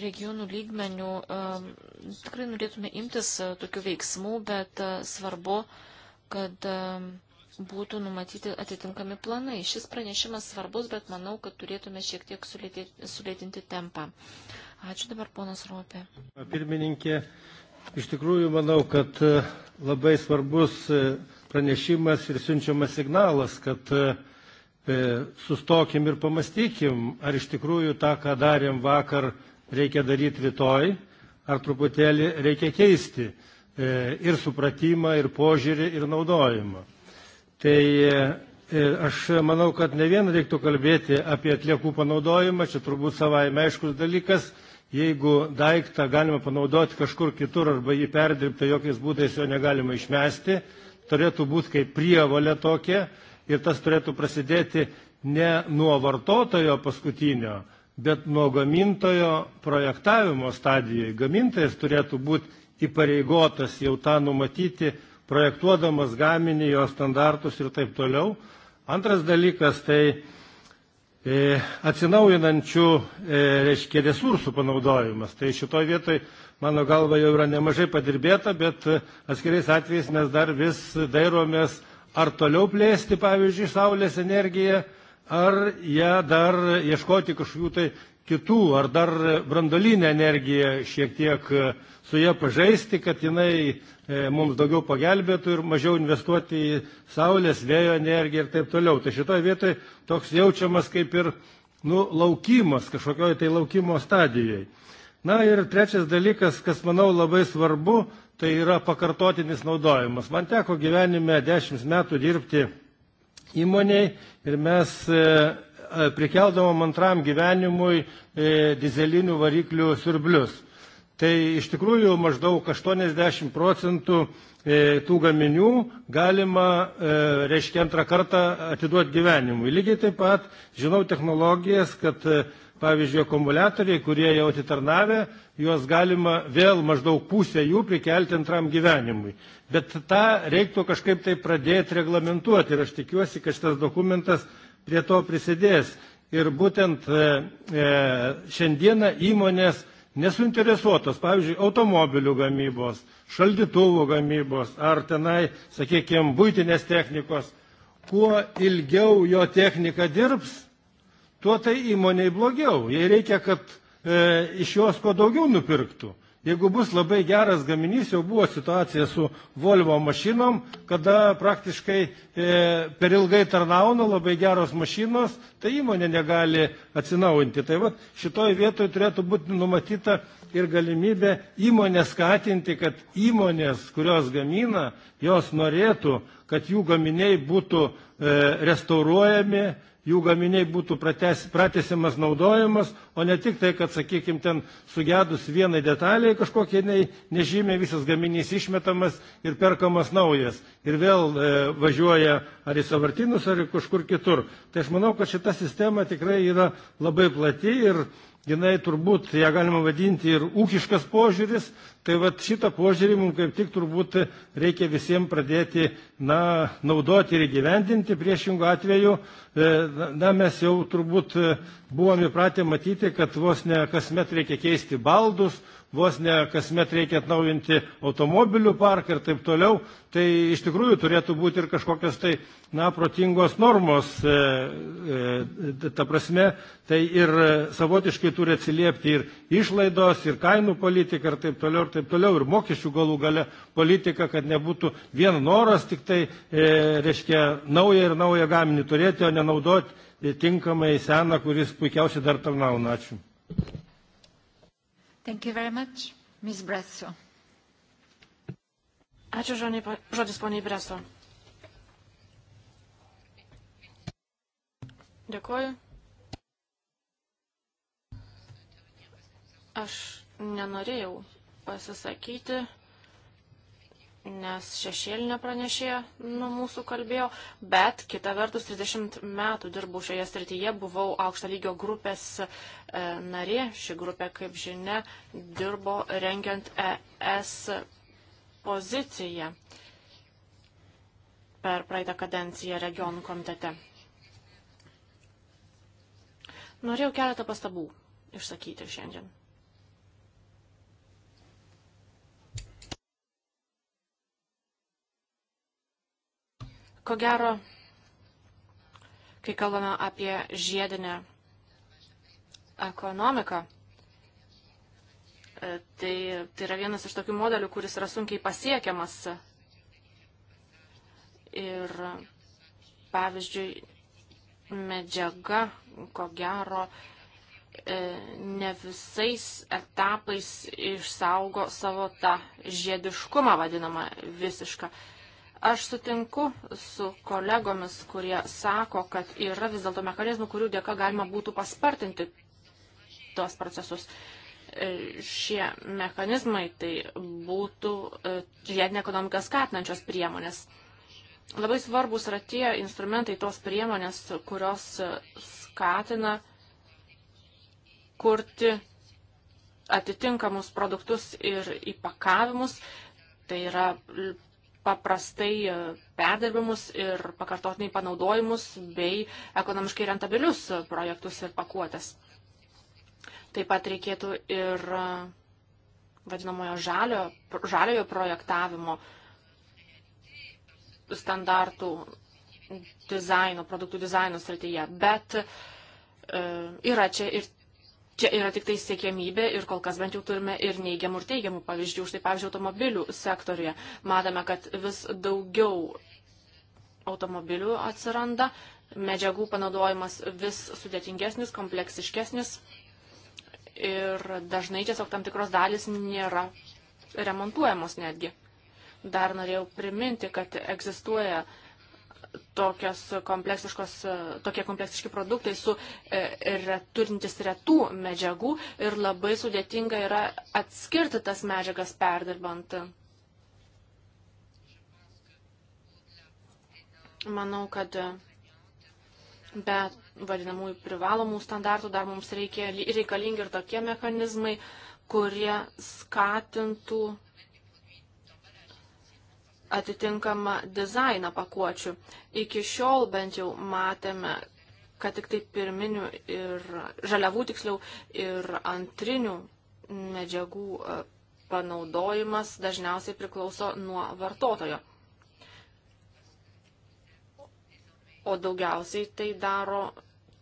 regionų lygmenių um, tikrai norėtume imtis uh, tokių veiksmų, bet uh, svarbu, kad um, būtų numatyti atitinkami planai. Šis pranešimas svarbus, bet manau, kad turėtume šiek tiek sulėtinti tempą. Ačiū dabar, ponas Ropė. Pirmininkė, iš tikrųjų manau, kad e, labai svarbus e, pranešimas ir siunčiamas signalas, kad e, sustokim ir pamastykim, ar iš tikrųjų tą, ką darėm vakar, reikia daryti rytoj, ar truputėlį reikia keisti ir supratimą, ir požiūrį, ir naudojimą. Tai e, aš manau, kad ne vien reiktų kalbėti apie atliekų panaudojimą, čia turbūt savaime aiškus dalykas, jeigu daiktą galima panaudoti kažkur kitur arba jį perdirbti, jokiais būdais jo negalima išmesti, turėtų būti kaip prievalė tokia ir tas turėtų prasidėti ne nuo vartotojo paskutinio, bet nuo gamintojo projektavimo stadijoje. Gamintojas turėtų būti įpareigotas jau tą numatyti projektuodamas gaminį, jo standartus ir taip toliau. Antras dalykas tai e, atsinaujinančių e, reiškia, resursų panaudojimas. Tai šitoje vietoje, mano galva, jau yra nemažai padirbėta, bet e, atskiriais atvejais mes dar vis dairomės, ar toliau plėsti, pavyzdžiui, saulės energiją, ar ją dar ieškoti kažkokių tai kitų, ar dar brandolinę energiją šiek tiek e, su ją pažaisti, kad jinai E, mums daugiau pagelbėtų ir mažiau investuoti į saulės, vėjo energiją ir taip toliau. Tai šitoje vietoje toks jaučiamas kaip ir nu, laukimas, kažkokioje tai laukimo stadijoje. Na ir trečias dalykas, kas manau labai svarbu, tai yra pakartotinis naudojimas. Man teko gyvenime dešimt metų dirbti įmoniai ir mes e, e, prikeldavom antram gyvenimui dizelinių variklių siurblius tai iš tikrųjų maždaug 80 procentų e, tų gaminių galima, e, reiškia, antrą kartą atiduoti gyvenimui. Lygiai taip pat žinau technologijas, kad e, pavyzdžiui, akumuliatoriai, kurie jau atitarnavę, juos galima vėl maždaug pusę jų prikelti antram gyvenimui. Bet tą reiktų kažkaip tai pradėti reglamentuoti ir aš tikiuosi, kad šitas dokumentas prie to prisidės. Ir būtent šiandieną įmonės nesuinteresuotos, pavyzdžiui, automobilių gamybos, šaldytuvų gamybos ar tenai, sakykime, būtinės technikos, kuo ilgiau jo technika dirbs, tuo tai įmoniai blogiau. Jei reikia, kad e, iš jos kuo daugiau nupirktų. Jeigu bus labai geras gaminys, jau buvo situacija su Volvo mašinom, kada praktiškai e, per ilgai tarnauna labai geros mašinos, tai įmonė negali atsinaujinti. Tai va, šitoj vietoj turėtų būti numatyta ir galimybė įmonę skatinti, kad įmonės, kurios gamina, jos norėtų, kad jų gaminiai būtų e, restauruojami, jų gaminiai būtų prates, pratesimas naudojimas, o ne tik tai, kad, sakykime, ten sugedus vienai detaliai kažkokie ne, nežymiai visas gaminys išmetamas ir perkamas naujas. Ir vėl e, važiuoja ar į savartinus, ar į kažkur kitur. Tai aš manau, kad šita sistema tikrai yra labai plati ir jinai turbūt, ją galima vadinti ir ūkiškas požiūris, Tai va šitą požiūrį mums kaip tik turbūt reikia visiems pradėti na, naudoti ir įgyvendinti. Priešingų atveju e, na, mes jau turbūt e, buvom įpratę matyti, kad vos ne kasmet reikia keisti baldus, vos ne kasmet reikia atnaujinti automobilių parką ir taip toliau. Tai iš tikrųjų turėtų būti ir kažkokios tai na, protingos normos. E, e, ta prasme, tai ir e, savotiškai turi atsiliepti ir išlaidos, ir kainų politika ir taip toliau ir taip toliau, ir mokesčių galų gale politika, kad nebūtų vien noras tik tai, e, reiškia, naują ir naują gaminį turėti, o nenaudoti e, tinkamai seną, kuris puikiausiai dar tarnauna. Ačiū. Thank you very much. Ms. Bresso. Ačiū žodis poniai Breso. Dėkuoju. Aš nenorėjau pasisakyti, nes šešėlinė pranešėja nuo mūsų kalbėjo, bet kita vertus 30 metų dirbau šioje srityje, buvau aukšto lygio grupės e, narė. Ši grupė, kaip žinia, dirbo rengiant ES poziciją per praeitą kadenciją regionų komitete. Norėjau keletą pastabų išsakyti šiandien. Ko gero, kai kalbame apie žiedinę ekonomiką, e, tai, tai yra vienas iš tokių modelių, kuris yra sunkiai pasiekiamas. Ir pavyzdžiui, medžiaga, ko gero, e, ne visais etapais išsaugo savo tą žiediškumą vadinamą visišką. Aš sutinku su kolegomis, kurie sako, kad yra vis dėlto mechanizmų, kurių dėka galima būtų paspartinti tuos procesus. E, šie mechanizmai tai būtų e, žiedinė ekonomika skatinančios priemonės. Labai svarbus yra tie instrumentai, tos priemonės, kurios e, skatina kurti atitinkamus produktus ir įpakavimus. Tai yra paprastai e, perdirbimus ir pakartotinai panaudojimus bei ekonomiškai rentabilius projektus ir pakuotės. Taip pat reikėtų ir e, vadinamojo žalio, žaliojo projektavimo standartų dizaino, produktų dizaino srityje. Bet e, yra čia ir Čia yra tik tai siekėmybė ir kol kas bent jau turime ir neigiamų ir teigiamų pavyzdžių. Štai pavyzdžiui, automobilių sektorija. Matome, kad vis daugiau automobilių atsiranda, medžiagų panaudojimas vis sudėtingesnis, kompleksiškesnis ir dažnai tiesiog tam tikros dalis nėra remontuojamos netgi. Dar norėjau priminti, kad egzistuoja tokios kompleksiškos, tokie kompleksiški produktai su e, turintis retų medžiagų ir labai sudėtinga yra atskirti tas medžiagas perdirbant. Manau, kad be vadinamųjų privalomų standartų dar mums reikia, reikalingi ir tokie mechanizmai, kurie skatintų atitinkamą dizainą pakuočių. Iki šiol bent jau matėme, kad tik tai pirminių ir žaliavų tiksliau ir antrinių medžiagų e, panaudojimas dažniausiai priklauso nuo vartotojo. O daugiausiai tai daro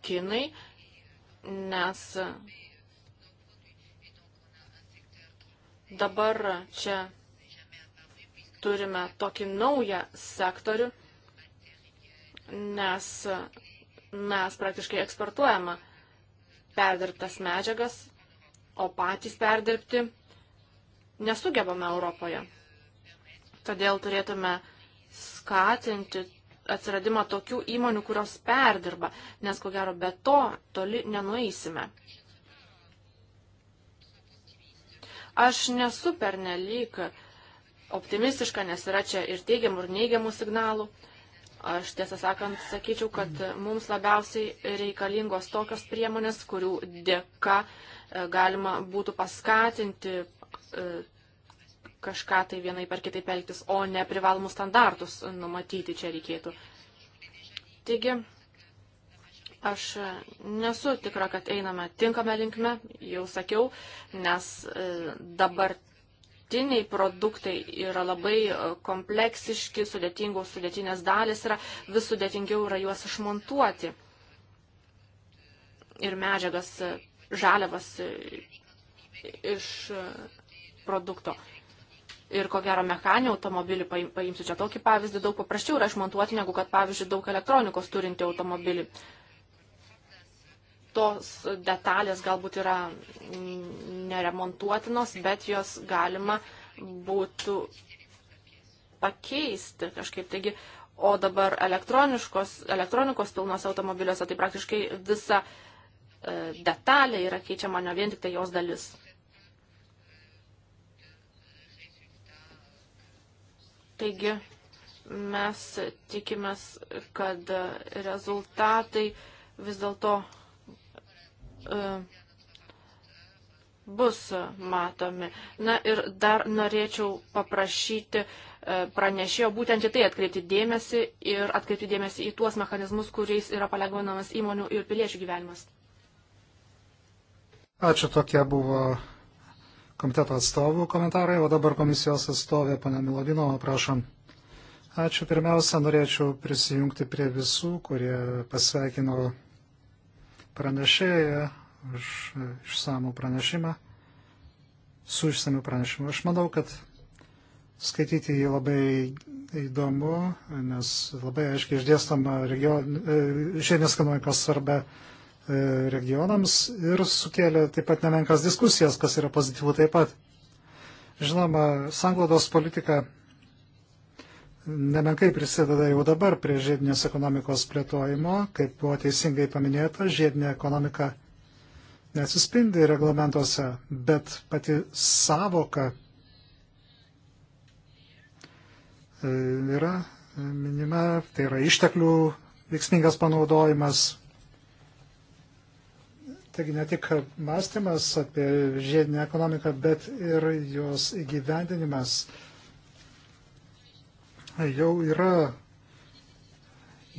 kinai, nes dabar čia turime tokį naują sektorių, nes mes praktiškai eksportuojame perdirbtas medžiagas, o patys perdirbti nesugebame Europoje. Todėl turėtume skatinti atsiradimą tokių įmonių, kurios perdirba, nes ko gero be to toli nenueisime. Aš nesu pernelyg optimistiška, nes yra čia ir teigiamų, ir neigiamų signalų. Aš tiesą sakant, sakyčiau, kad mums labiausiai reikalingos tokios priemonės, kurių dėka e, galima būtų paskatinti e, kažką tai vienai per kitaip elgtis, o ne privalomus standartus numatyti čia reikėtų. Taigi, aš nesu tikra, kad einame tinkame linkme, jau sakiau, nes e, dabar galutiniai produktai yra labai e, kompleksiški, sudėtingos sudėtinės dalis yra, vis sudėtingiau yra juos išmontuoti. Ir medžiagas, e, žaliavas e, iš produkto. Ir ko gero mechaninį automobilį, paimsiu čia tokį pavyzdį, daug paprasčiau yra išmontuoti, negu kad, pavyzdžiui, daug elektronikos turinti automobilį. Uh, tos detalės galbūt yra neremontuotinos, bet jos galima būtų pakeisti kažkaip. Taigi, o dabar elektronikos pilnos automobiliuose, tai praktiškai visa e, detalė yra keičiama, ne vien tik tai jos dalis. Taigi, mes tikimės, kad rezultatai vis dėlto E, bus matomi. Na ir dar norėčiau paprašyti e, pranešėjo būtent į tai atkreipti dėmesį ir atkreipti dėmesį į tuos mechanizmus, kuriais yra palengvinamas įmonių ir piliečių gyvenimas. Ačiū, tokie buvo komiteto atstovų komentarai, o dabar komisijos atstovė, pana Miladinova, prašom. Ačiū. Pirmiausia, norėčiau prisijungti prie visų, kurie pasveikino pranešėją už išsamų pranešimą, su išsamiu pranešimu. Aš manau, kad skaityti jį labai įdomu, nes labai aiškiai išdėstama žiedinės ekonomikos svarba e, regionams ir sukėlė taip pat nemenkas diskusijas, kas yra pozityvų taip pat. Žinoma, sanglaudos politika nemenkai prisideda jau dabar prie žiedinės ekonomikos plėtojimo. Kaip buvo teisingai paminėta, žiedinė ekonomika nesispindi reglamentuose, bet pati savoka e, yra minima, tai yra išteklių veiksmingas panaudojimas. Taigi ne tik mąstymas apie žiedinę ekonomiką, bet ir jos įgyvendinimas jau yra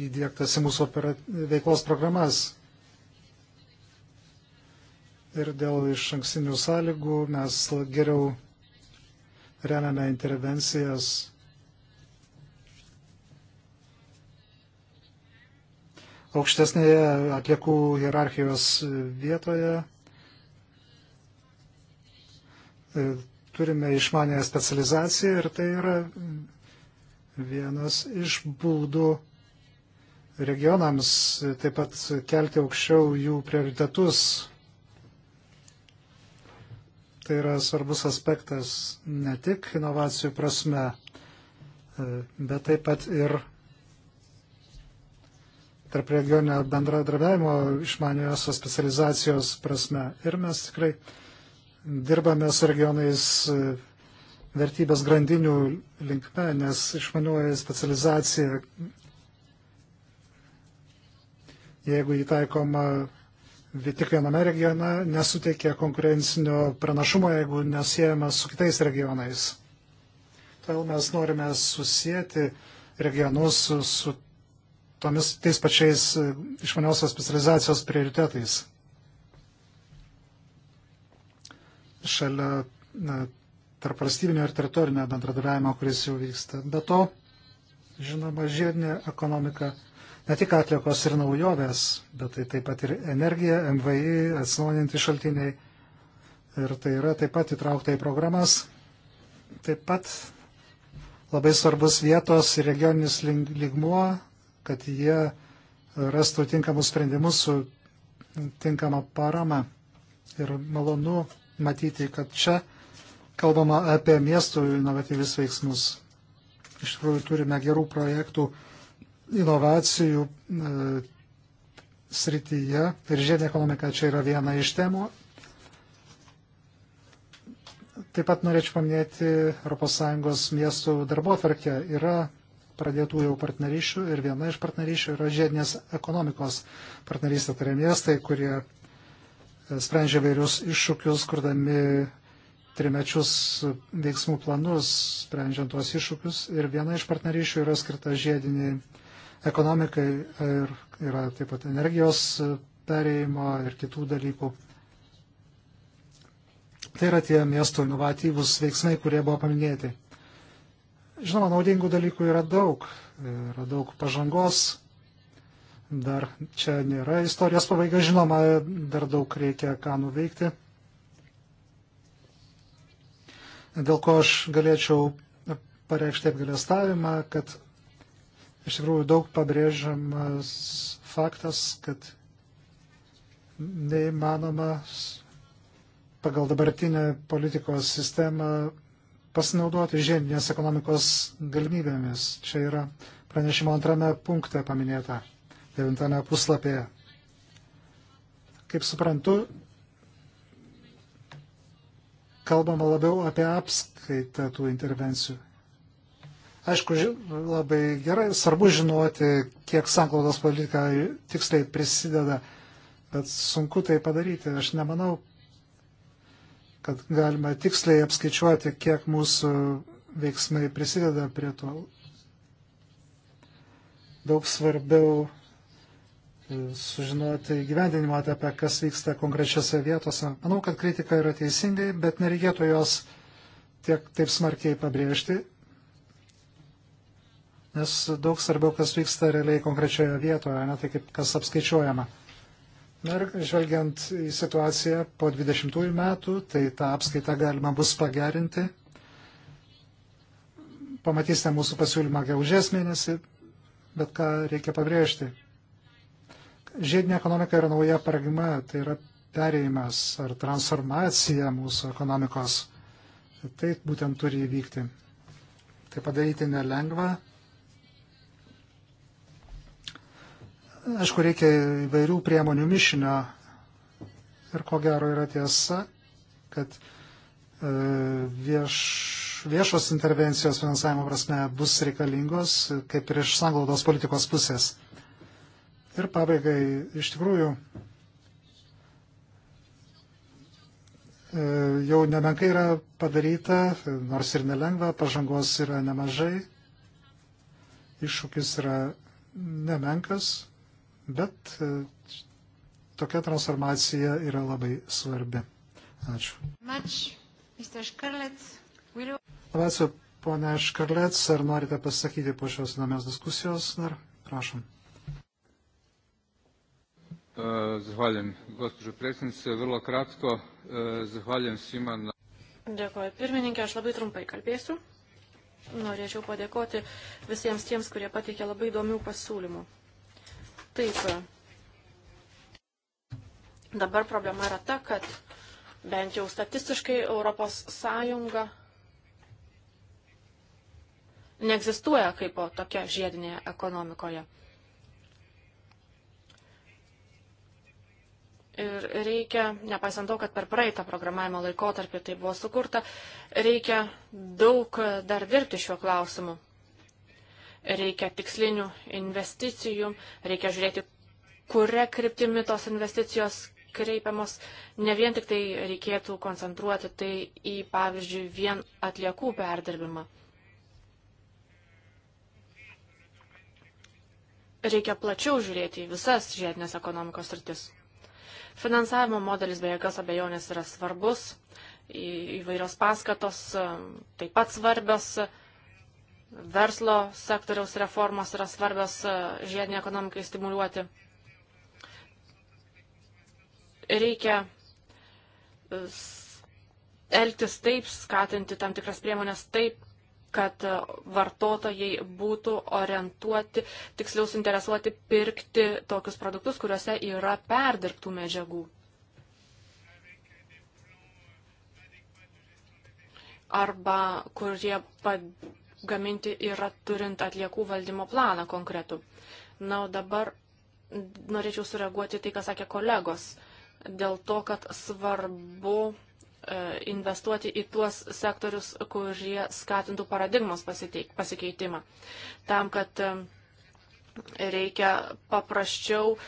įdėktas į mūsų veiklos programas. Ir dėl iš ankstinių sąlygų mes geriau remiame intervencijas. Aukštesnėje atliekų hierarchijos vietoje e, turime išmanę specializaciją ir tai yra vienas iš būdų regionams taip pat kelti aukščiau jų prioritetus. Tai yra svarbus aspektas ne tik inovacijų prasme, e, bet taip pat ir tarp regioninio bendradarbiavimo išmaniojosios specializacijos prasme. Ir mes tikrai dirbame su regionais e, vertybės grandinių linkme, nes išmaniuoja specializacija, jeigu įtaikoma tik viename regione, nesuteikia konkurencinio pranašumo, jeigu nesijame su kitais regionais. Todėl mes norime susijęti regionus su, su tomis tais pačiais e, išmaniosios specializacijos prioritetais. Šalia na, tarp valstybinio ir teritorinio bendradarbiavimo, kuris jau vyksta. Be to, žinoma, žiedinė ekonomika ne tik atliekos ir naujovės, bet tai taip pat ir energija, MVI, atsinaujinti šaltiniai. Ir tai yra taip pat įtraukta į programas. Taip pat labai svarbus vietos ir regioninis lygmuo, kad jie rastų tinkamus sprendimus su tinkama parama. Ir malonu matyti, kad čia kalbama apie miestų inovatyvius veiksmus. Iš tikrųjų turime gerų projektų inovacijų e, srityje ir žiedinė ekonomika čia yra viena iš temų. Taip pat norėčiau paminėti ES miestų darbo atvarkę. Yra pradėtų jau partnerysčių ir viena iš partnerysčių yra žiedinės ekonomikos partnerystė, tai yra miestai, kurie e, sprendžia vairius iššūkius, kurdami trimečius veiksmų planus, sprendžiant tuos iššūkius. Ir viena iš partnerysčių yra skirta žiediniai ekonomikai ir yra taip pat energijos perėjimo ir kitų dalykų. Tai yra tie miestų inovatyvūs veiksmai, kurie buvo paminėti. Žinoma, naudingų dalykų yra daug, yra daug pažangos, dar čia nėra istorijos pabaiga, žinoma, dar daug reikia ką nuveikti. dėl ko aš galėčiau pareikšti apgalėstavimą, kad iš tikrųjų daug pabrėžiamas faktas, kad neįmanoma pagal dabartinę politikos sistemą pasinaudoti žiedinės ekonomikos galimybėmis. Čia yra pranešimo antrame punkte paminėta, devintame puslapyje. Kaip suprantu, kalbama labiau apie apskaitą tų intervencijų. Aišku, labai gerai, svarbu žinoti, kiek sanklaudos politika tiksliai prisideda, bet sunku tai padaryti. Aš nemanau, kad galima tiksliai apskaičiuoti, kiek mūsų veiksmai prisideda prie to. Daug svarbiau sužinoti įgyvendinimą apie kas vyksta konkrečiose vietose. Manau, kad kritika yra teisingai, bet nereikėtų jos tiek taip smarkiai pabrėžti, nes daug svarbiau, kas vyksta realiai konkrečioje vietoje, ne tai kaip kas apskaičiuojama. Na ir žvelgiant į situaciją po 20 metų, tai tą apskaitą galima bus pagerinti. Pamatysite mūsų pasiūlymą gegužės mėnesį, bet ką reikia pabrėžti. Žiedinė ekonomika yra nauja paragima, tai yra perėjimas ar transformacija mūsų ekonomikos. Tai būtent turi įvykti. Tai padaryti nelengva. Aišku, reikia įvairių priemonių mišinio. Ir ko gero yra tiesa, kad e, vieš, viešos intervencijos finansavimo prasme bus reikalingos, kaip ir iš sanglaudos politikos pusės. Ir pabaigai, iš tikrųjų, e, jau nemenkai yra padaryta, nors ir nelengva, pažangos yra nemažai, iššūkis yra nemenkas, bet e, tokia transformacija yra labai svarbi. Ačiū. Ačiū, ponia Škarlets, ar norite pasakyti po šios įdomios diskusijos dar? Prašom. E, zahvaljujem, gospođo predsjednice. Vrlo kratko, e, zahvaljujem svima na... Dėkuoju, pirmininkė, aš labai trumpai kalbėsiu. Norėčiau padėkoti visiems tiems, kurie pateikė labai įdomių pasiūlymų. Taip, dabar problema yra ta, kad bent jau statistiškai Europos Sąjunga neegzistuoja kaip tokia žiedinėje ekonomikoje. Ir reikia, nepaisant to, kad per praeitą programavimo laikotarpį tai buvo sukurta, reikia daug e, dar dirbti šiuo klausimu. Reikia tikslinių investicijų, reikia žiūrėti, kuria kryptimi tos investicijos kreipiamos. Ne vien tik tai reikėtų koncentruoti tai į, pavyzdžiui, vien atliekų perdirbimą. Reikia plačiau žiūrėti į visas žiedinės ekonomikos rytis. Finansavimo modelis be jokios abejonės yra svarbus, įvairios paskatos taip pat svarbios, verslo sektoriaus reformos yra svarbios žiedinį ekonomikai stimuliuoti. Reikia elgtis taip, skatinti tam tikras priemonės taip, kad vartotojai būtų orientuoti, tiksliau suinteresuoti pirkti tokius produktus, kuriuose yra perdirbtų medžiagų. Arba kurie gaminti yra turint atliekų valdymo planą konkretų. Na, o dabar norėčiau sureaguoti tai, ką sakė kolegos, dėl to, kad svarbu E, investuoti į tuos sektorius, kurie skatintų paradigmos pasiteik, pasikeitimą. Tam, kad e, reikia paprasčiau e,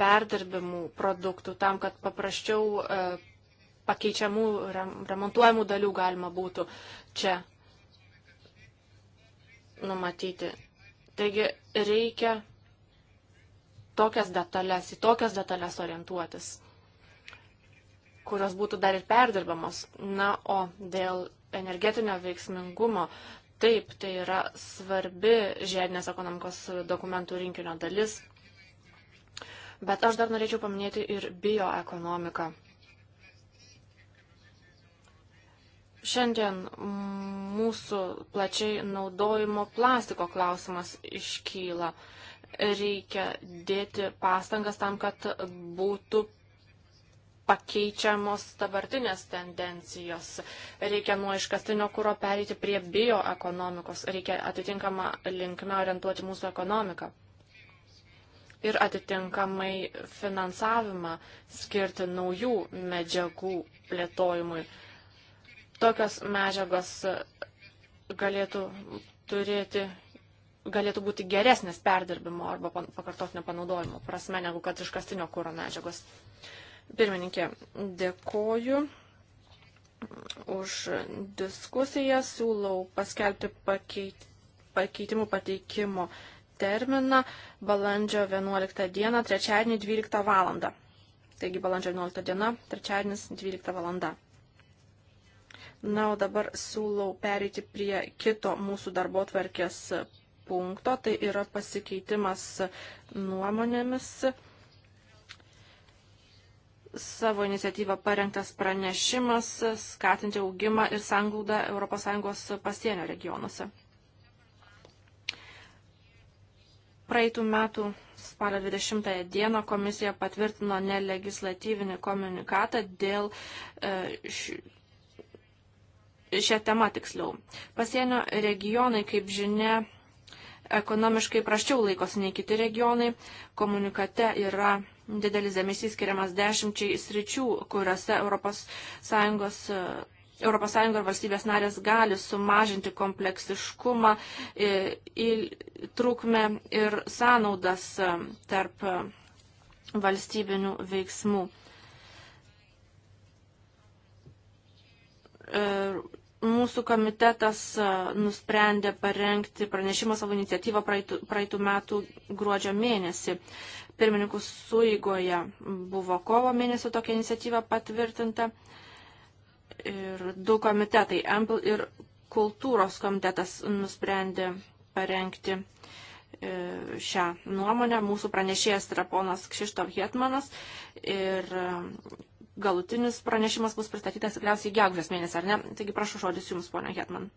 perdirbimų produktų, tam, kad paprasčiau pakeičiamų, remontuojamų dalių galima būtų čia numatyti. Taigi reikia tokias detalės, į tokias detalės orientuotis kurios būtų dar ir perdirbamos. Na, o dėl energetinio veiksmingumo, taip, tai yra svarbi žiedinės ekonomikos dokumentų rinkinio dalis. Bet aš dar norėčiau paminėti ir bioekonomiką. Šiandien mūsų plačiai naudojimo plastiko klausimas iškyla. Reikia dėti pastangas tam, kad būtų pakeičiamos dabartinės tendencijos. Reikia nuo iškastinio kūro pereiti prie bioekonomikos, reikia atitinkamą linkmę orientuoti mūsų ekonomiką. Ir atitinkamai finansavimą skirti naujų medžiagų plėtojimui. Tokios medžiagos galėtų turėti galėtų būti geresnės perdirbimo arba pakartotinio panaudojimo prasme negu kad iškastinio kūro medžiagos. Uh, Pirmininkė, dėkoju už diskusiją. Siūlau paskelbti pakeit, pakeitimų pateikimo terminą balandžio 11 dieną, trečiadienį 12 valandą. Taigi balandžio 11 diena, trečiadienis 12 valanda. Na, o dabar siūlau pereiti prie kito mūsų darbo tvarkės punkto, tai yra pasikeitimas nuomonėmis savo iniciatyvą parengtas pranešimas skatinti augimą ir sanglaudą ES pasienio regionuose. Praeitų metų spalio 20 dieną komisija patvirtino nelegislatyvinį komunikatą dėl š... E, šią temą tiksliau. Pasienio regionai, kaip žinia, ekonomiškai praščiau laikosi nei kiti regionai. Komunikate yra didelis dėmesys skiriamas dešimčiai sričių, kuriuose ES ES ir valstybės narės gali sumažinti kompleksiškumą, į, e, į, trukmę ir sąnaudas e, tarp e, valstybinių veiksmų. Ir mūsų komitetas nusprendė parengti pranešimą savo iniciatyvą praeitų, praeitų metų gruodžio mėnesį. Pirmininkų suigoje buvo kovo mėnesio tokia iniciatyva patvirtinta. Ir du komitetai, Ample ir kultūros komitetas, nusprendė parengti e, šią nuomonę. Mūsų pranešėjas yra ponas Kšištov Hetmanas ir e, galutinis pranešimas bus pristatytas tikriausiai gegužės mėnesį, ar ne? Taigi prašau žodis Jums, ponia Hetman.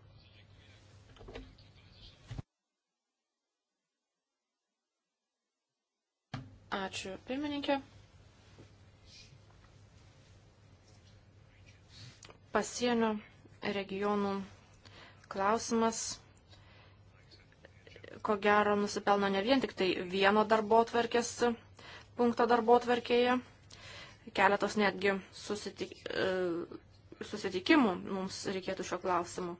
Ačiū, pirmininkė. Pasienio regionų klausimas, ko gero, nusipelno ne vien tik tai vieno darbo tvarkės punkto darbo tvarkėje, keletos netgi susitik, e, susitikimų mums reikėtų šio klausimu.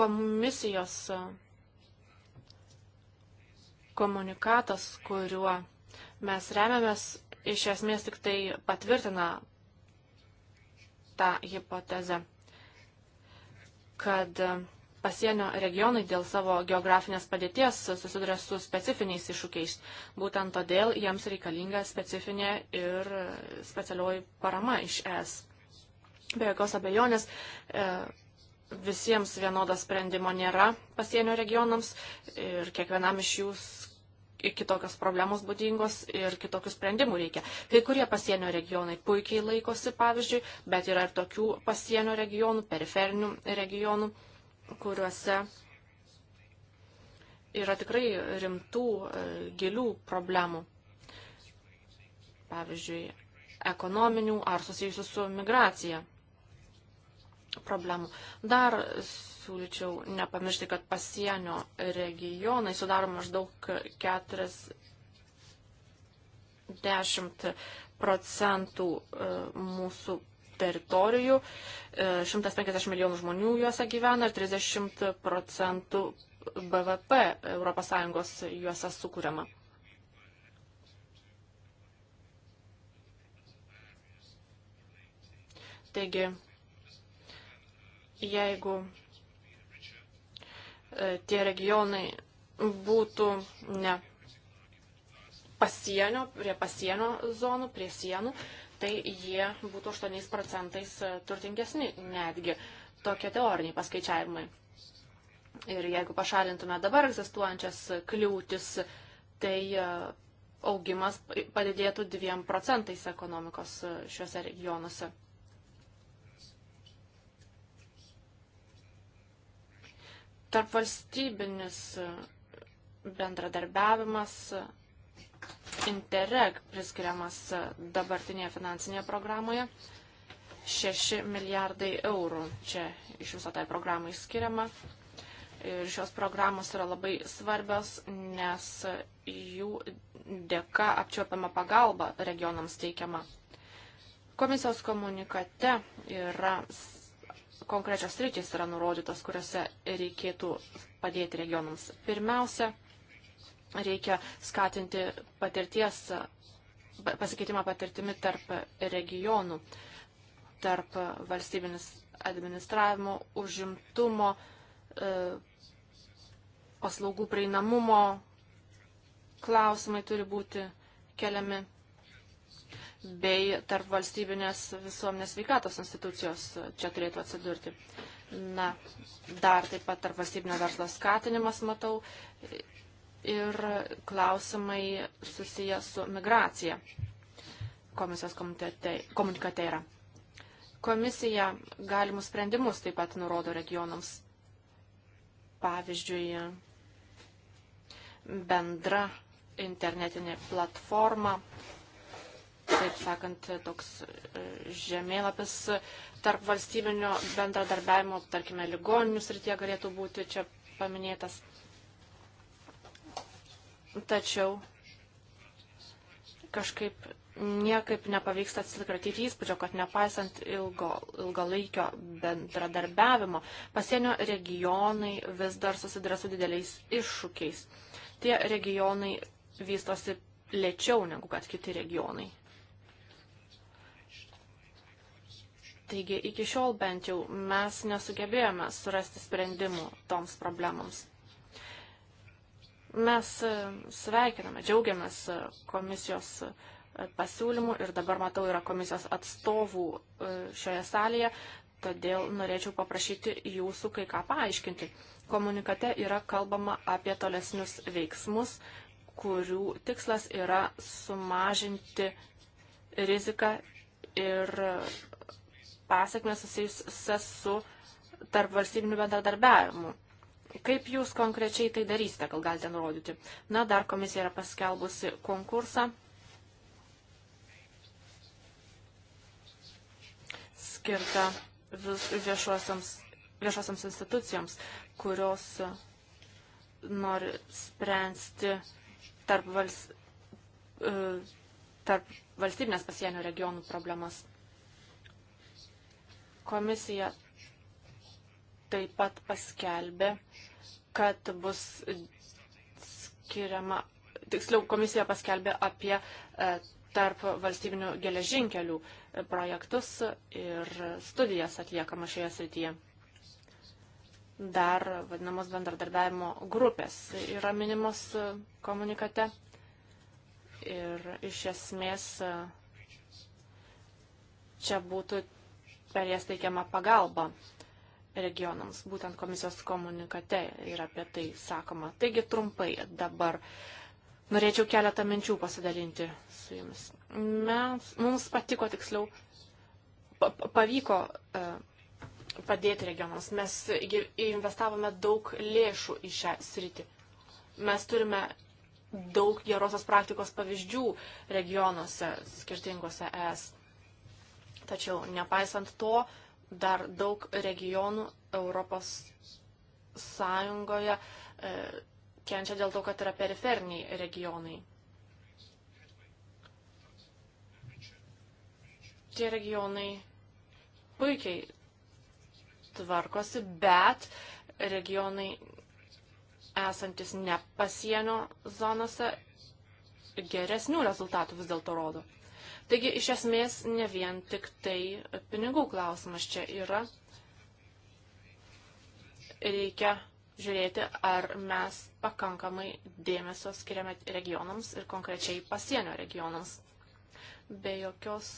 Komisijos komunikatas, kuriuo mes remiamės, iš esmės tik tai patvirtina tą hipotezę, kad pasienio regionai dėl savo geografinės padėties susiduria su specifiniais iššūkiais. Būtent todėl jiems reikalinga specifinė ir specialioji parama iš ES. Be jokios abejonės, e, visiems vienodo sprendimo nėra pasienio regionams ir kiekvienam iš jų kitokios problemos būdingos ir kitokių sprendimų reikia. Kai kurie pasienio regionai puikiai laikosi, pavyzdžiui, bet yra ir tokių pasienio regionų, periferinių regionų, kuriuose yra tikrai rimtų, e, gilių problemų. Pavyzdžiui, ekonominių ar susijusių su migracija problemų. Dar siūlyčiau nepamiršti, kad pasienio regionai sudaro maždaug 40 procentų e, mūsų teritorijų, 150 e, milijonų žmonių juose gyvena ir 30 procentų BVP ES juose sukūriama. Taigi, jeigu e, tie regionai būtų ne pasienio, prie pasienio zonų, prie sienų, tai jie būtų 8 procentais e, turtingesni netgi. Tokie teoriniai paskaičiavimai. Ir jeigu pašalintume dabar egzistuojančias kliūtis, tai e, augimas padidėtų 2 procentais ekonomikos šiuose regionuose. tarp valstybinis bendradarbiavimas Interreg priskiriamas dabartinėje finansinėje programoje. 6 milijardai eurų čia iš viso tai programai skiriama. Ir šios programos yra labai svarbios, nes jų dėka apčiopiama pagalba regionams teikiama. Komisijos komunikate yra konkrečios rytis yra nurodytos, kuriuose reikėtų padėti regionams. Pirmiausia, reikia skatinti patirties, pasikeitimą patirtimi tarp regionų, tarp valstybinis administravimo, užimtumo, e, paslaugų prieinamumo klausimai turi būti keliami bei tarp valstybinės visuomenės veikatos institucijos čia turėtų atsidurti. Na, dar taip pat tarp valstybinio verslo skatinimas matau ir klausimai susiję su migracija komisijos komunikate yra. Komisija galimus sprendimus taip pat nurodo regionams. Pavyzdžiui, bendra internetinė platforma taip sakant, toks e, žemėlapis tarp valstybinio bendradarbiavimo, tarkime, ligoninių srityje galėtų būti čia paminėtas. Tačiau kažkaip niekaip nepavyksta atsikratyti įspūdžio, kad nepaisant ilgo, ilgalaikio bendradarbiavimo, pasienio regionai vis dar susiduria su dideliais iššūkiais. Tie regionai vystosi lėčiau negu kad kiti regionai. Taigi iki šiol bent jau mes nesugebėjome surasti sprendimų toms problemams. Mes e, sveikiname, džiaugiamės e, komisijos e, pasiūlymų ir dabar matau yra komisijos atstovų šioje salėje, todėl norėčiau paprašyti jūsų kai ką paaiškinti. Komunikate yra kalbama apie tolesnius veiksmus, kurių tikslas yra sumažinti riziką ir pasiekmes susijusias su tarp valstybinių bendradarbiavimų. Kaip jūs konkrečiai tai darysite, gal galite nurodyti? Na, dar komisija yra paskelbusi konkursą. Skirta viešuosiams, viešuosiams institucijoms, kurios nori spręsti tarp, vals, e, tarp valstybinės pasienio regionų problemas. Komisija taip pat paskelbė, kad bus skiriama, tiksliau komisija paskelbė apie e, tarp valstybinių geležinkelių e, projektus ir studijas atliekama šioje srityje. Dar vadinamos bendradarbiavimo grupės yra minimos komunikate ir iš esmės e, čia būtų per jas teikiama pagalba regionams. Būtent komisijos komunikate yra apie tai sakoma. Taigi trumpai dabar norėčiau keletą minčių pasidalinti su jumis. Mes, mums patiko tiksliau, pa, pavyko e, padėti regionams. Mes investavome daug lėšų į šią sritį. Mes turime daug gerosios praktikos pavyzdžių regionuose skirtingose ES. Tačiau nepaisant to, dar daug regionų Europos Sąjungoje e, kenčia dėl to, kad yra periferiniai regionai. Tie regionai puikiai tvarkosi, bet regionai esantis ne pasienio zonose geresnių rezultatų vis dėlto rodo. Taigi, iš esmės, ne vien tik tai pinigų klausimas čia yra. Reikia žiūrėti, ar mes pakankamai dėmesio skiriame regionams ir konkrečiai pasienio regionams. Be jokios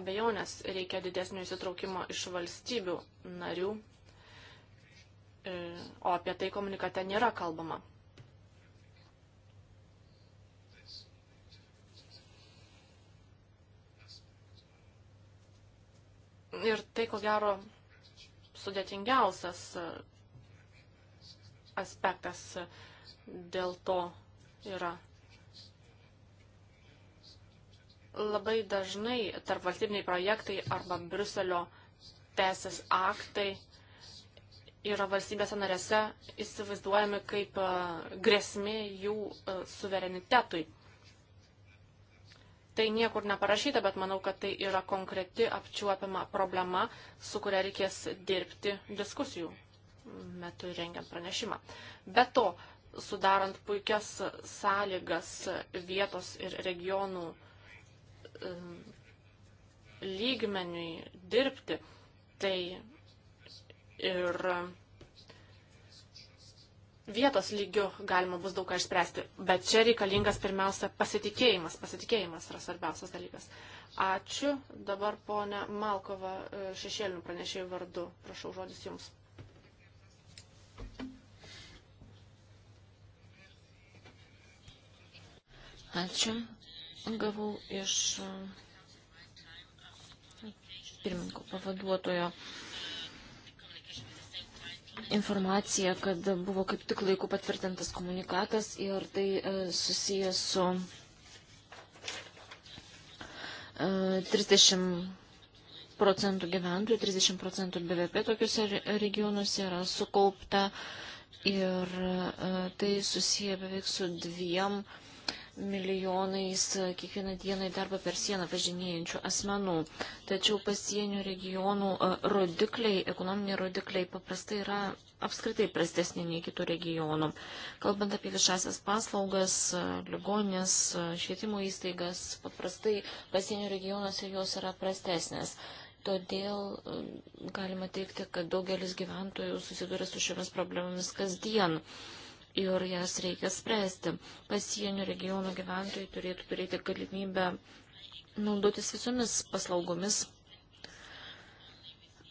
abejonės reikia didesnio įsitraukimo iš valstybių narių, e, o apie tai komunikate nėra kalbama. Ir tai, ko gero, sudėtingiausias e, aspektas e, dėl to yra. Labai dažnai tarpvalstybiniai projektai arba Bruselio teisės aktai yra valstybėse narėse įsivaizduojami kaip e, grėsmė jų suverenitetui. Tai niekur neparašyta, bet manau, kad tai yra konkreti apčiuopiama problema, su kuria reikės dirbti diskusijų metu rengiant pranešimą. Be to, sudarant puikias sąlygas vietos ir regionų lygmeniui dirbti, tai ir vietos lygiu galima bus daug ką išspręsti, bet čia reikalingas pirmiausia pasitikėjimas. Pasitikėjimas yra svarbiausias dalykas. Ačiū. Dabar ponia Malkova e, šešėlinių pranešėjų vardu. Prašau žodis jums. Ačiū. Gavau iš pirmininko pavaduotojo uh, informaciją, kad buvo kaip tik laiku patvirtintas komunikatas ir tai e, susijęs su 30 e, procentų gyventojų, 30 procentų BVP tokiuose regionuose yra sukaupta ir e, tai susiję beveik su dviem uh, milijonais e, kiekvieną dieną į darbą per sieną važinėjančių asmenų. Tačiau pasienio regionų e, rodikliai, ekonominiai rodikliai paprastai yra apskritai prastesnė nei kitų regionų. Kalbant apie viešasias paslaugas, e, ligoninės, švietimo įstaigas, paprastai pasienio regionuose jos yra prastesnės. Todėl galima teikti, kad daugelis gyventojų susiduria su šiomis problemomis kasdien. Uh, ir jas reikia spręsti. Pasienio regionų gyventojai turėtų turėti galimybę naudotis visomis paslaugomis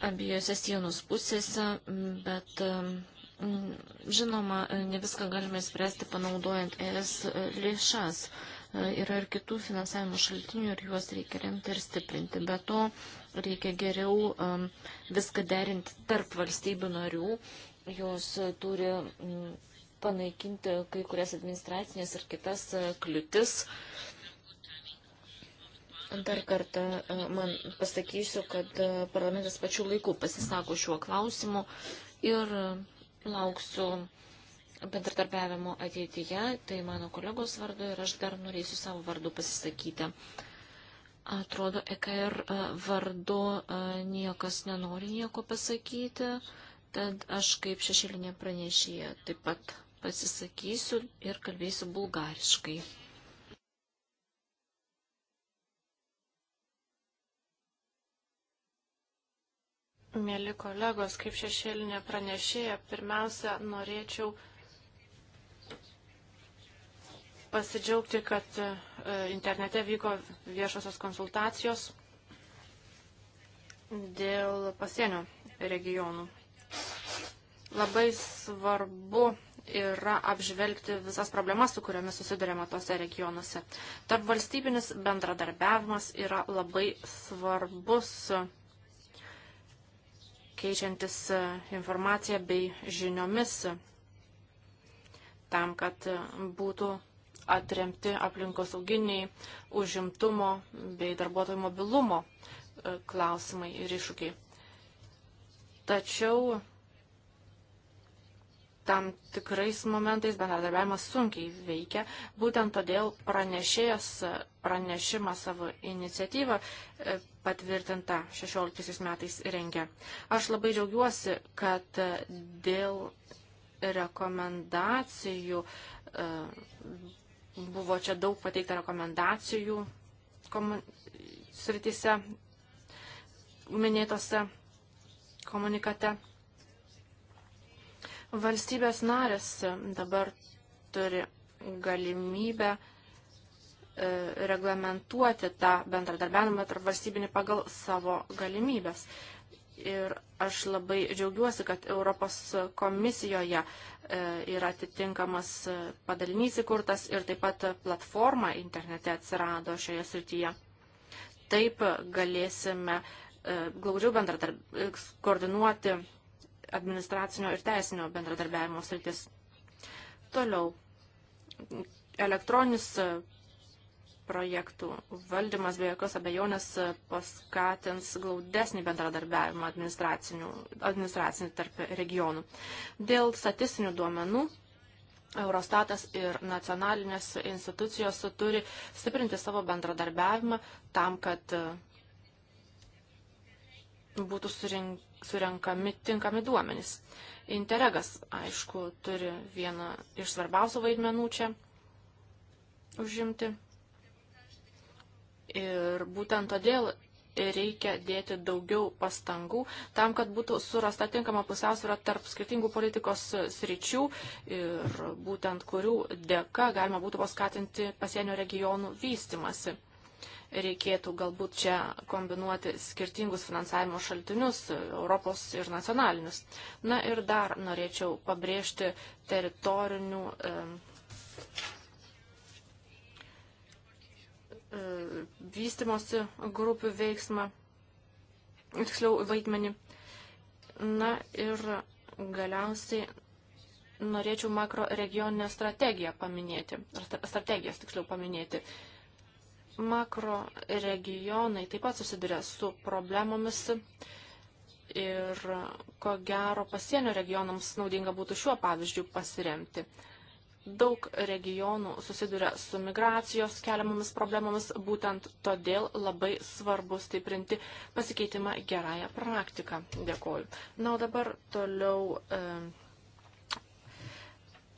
abiejose sienos pusėse, bet mm, žinoma, ne viską galime spręsti panaudojant ES lėšas. Yra ir kitų finansavimo šaltinių ir juos reikia remti ir stiprinti. Be to, reikia geriau mm, viską derinti tarp valstybių narių. Jos turi mm, panaikinti kai kurias administracinės ir kitas e, kliūtis. Dar kartą e, man pasakysiu, kad e, parlamentas pačiu laiku pasisako šiuo klausimu ir lauksiu bendradarbiavimo ateityje. Tai mano kolegos vardu ir aš dar norėsiu savo vardu pasisakyti. Atrodo, EKR vardu niekas nenori nieko pasakyti, tad aš kaip šešėlinė pranešėja taip pat pasisakysiu ir kalbėsiu bulgariškai. Mėly kolegos, kaip šešėlinė pranešėja, pirmiausia, norėčiau pasidžiaugti, kad e, internete vyko viešosios konsultacijos dėl pasienio regionų. Labai svarbu yra apžvelgti visas problemas, su kuriomis susidurėme tose regionuose. Tarp valstybinis bendradarbiavimas yra labai svarbus keičiantis informaciją bei žiniomis tam, kad būtų atremti aplinkosauginiai užimtumo bei darbuotojų mobilumo e, klausimai ir iššūkiai. Tačiau tam tikrais momentais bendradarbiavimas sunkiai veikia. Būtent todėl pranešėjas pranešimą savo iniciatyvą e, patvirtinta 16 metais rengia. Aš labai džiaugiuosi, kad dėl rekomendacijų e, buvo čia daug pateikta rekomendacijų komun... sritise minėtose komunikate. Valstybės narės dabar turi galimybę e, reglamentuoti tą bendradarbiavimą tarp valstybinį pagal savo galimybės. Ir aš labai džiaugiuosi, kad Europos komisijoje e, yra atitinkamas padalinys įkurtas ir taip pat platforma internete atsirado šioje srityje. Taip galėsime e, glaudžiau bendradarbiauti, koordinuoti administracinio ir teisinio bendradarbiavimo sritis. Toliau, elektroninis e, projektų valdymas be jokios abejonės e, paskatins glaudesnį bendradarbiavimą administracinį tarp regionų. Dėl statistinių duomenų Eurostatas ir nacionalinės institucijos turi stiprinti savo bendradarbiavimą tam, kad e, būtų surinkti surenkami tinkami duomenys. Interegas, aišku, turi vieną iš svarbiausių vaidmenų čia užimti. Ir būtent todėl reikia dėti daugiau pastangų tam, kad būtų surasta tinkama pusiausvyrą tarp skirtingų politikos sričių ir būtent kurių dėka galima būtų paskatinti pasienio regionų vystimasi reikėtų galbūt čia kombinuoti skirtingus finansavimo šaltinius, Europos ir nacionalinius. Na ir dar norėčiau pabrėžti teritorinių e, e, vystimosi grupių veiksmą, tiksliau vaidmenį. Na ir galiausiai norėčiau makro regioninę strategiją paminėti, strategijas tiksliau paminėti. Makro regionai taip pat susiduria su problemomis ir ko gero pasienio regionams naudinga būtų šiuo pavyzdžiu pasiremti. Daug regionų susiduria su migracijos keliamomis problemomis, būtent todėl labai svarbu stiprinti pasikeitimą gerąją praktiką. Dėkoju. Na, o dabar toliau. E,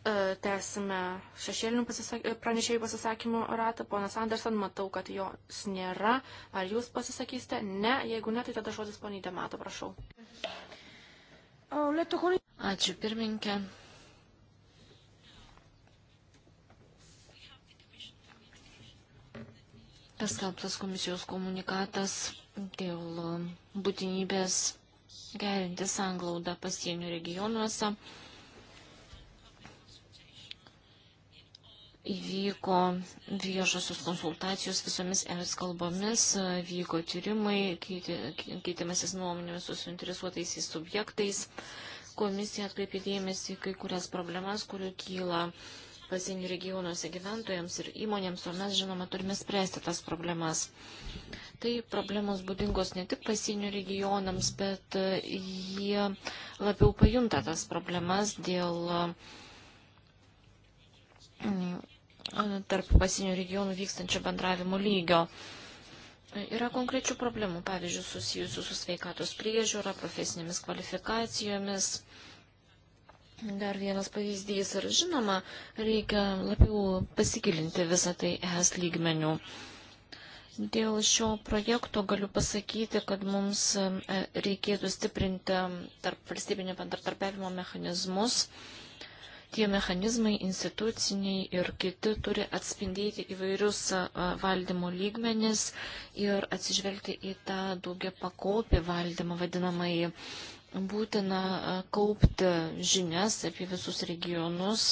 E, tęsime šešėlinių pasisak... E, pranešėjų pasisakymų ratą. Ponas Anderson, matau, kad jos nėra. Ar jūs pasisakysite? Ne. Jeigu ne, tai tada žodis ponydė mato, prašau. Ačiū pirmininkė. Paskelbtas komisijos komunikatas dėl būtinybės gerinti sanglaudą pasienio regionuose. Įvyko viešosios konsultacijos visomis ES kalbomis, vyko tyrimai, keitimasis nuomonėmis su suinteresuotaisiais subjektais. Komisija atkreipė dėmesį kai kurias problemas, kurių kyla pasienio regionuose gyventojams ir įmonėms, o mes, žinoma, turime spręsti tas problemas. Tai problemos būdingos ne tik pasienio regionams, bet e, jie labiau pajunta tas problemas dėl tarp pasinių regionų vykstančio bendravimo lygio. Yra konkrečių problemų, pavyzdžiui, susijusių su sveikatos priežiūra, profesinėmis kvalifikacijomis. Dar vienas pavyzdys ir žinoma, reikia labiau pasigilinti visą tai es lygmenių. Dėl šio projekto galiu pasakyti, kad mums e, reikėtų stiprinti tarp valstybinio bendratarpiavimo mechanizmus. Uh, Tie mechanizmai, instituciniai ir kiti, turi atspindėti įvairius valdymo lygmenis ir atsižvelgti į tą daugia pakopį valdymą vadinamai. Būtina kaupti žinias apie visus regionus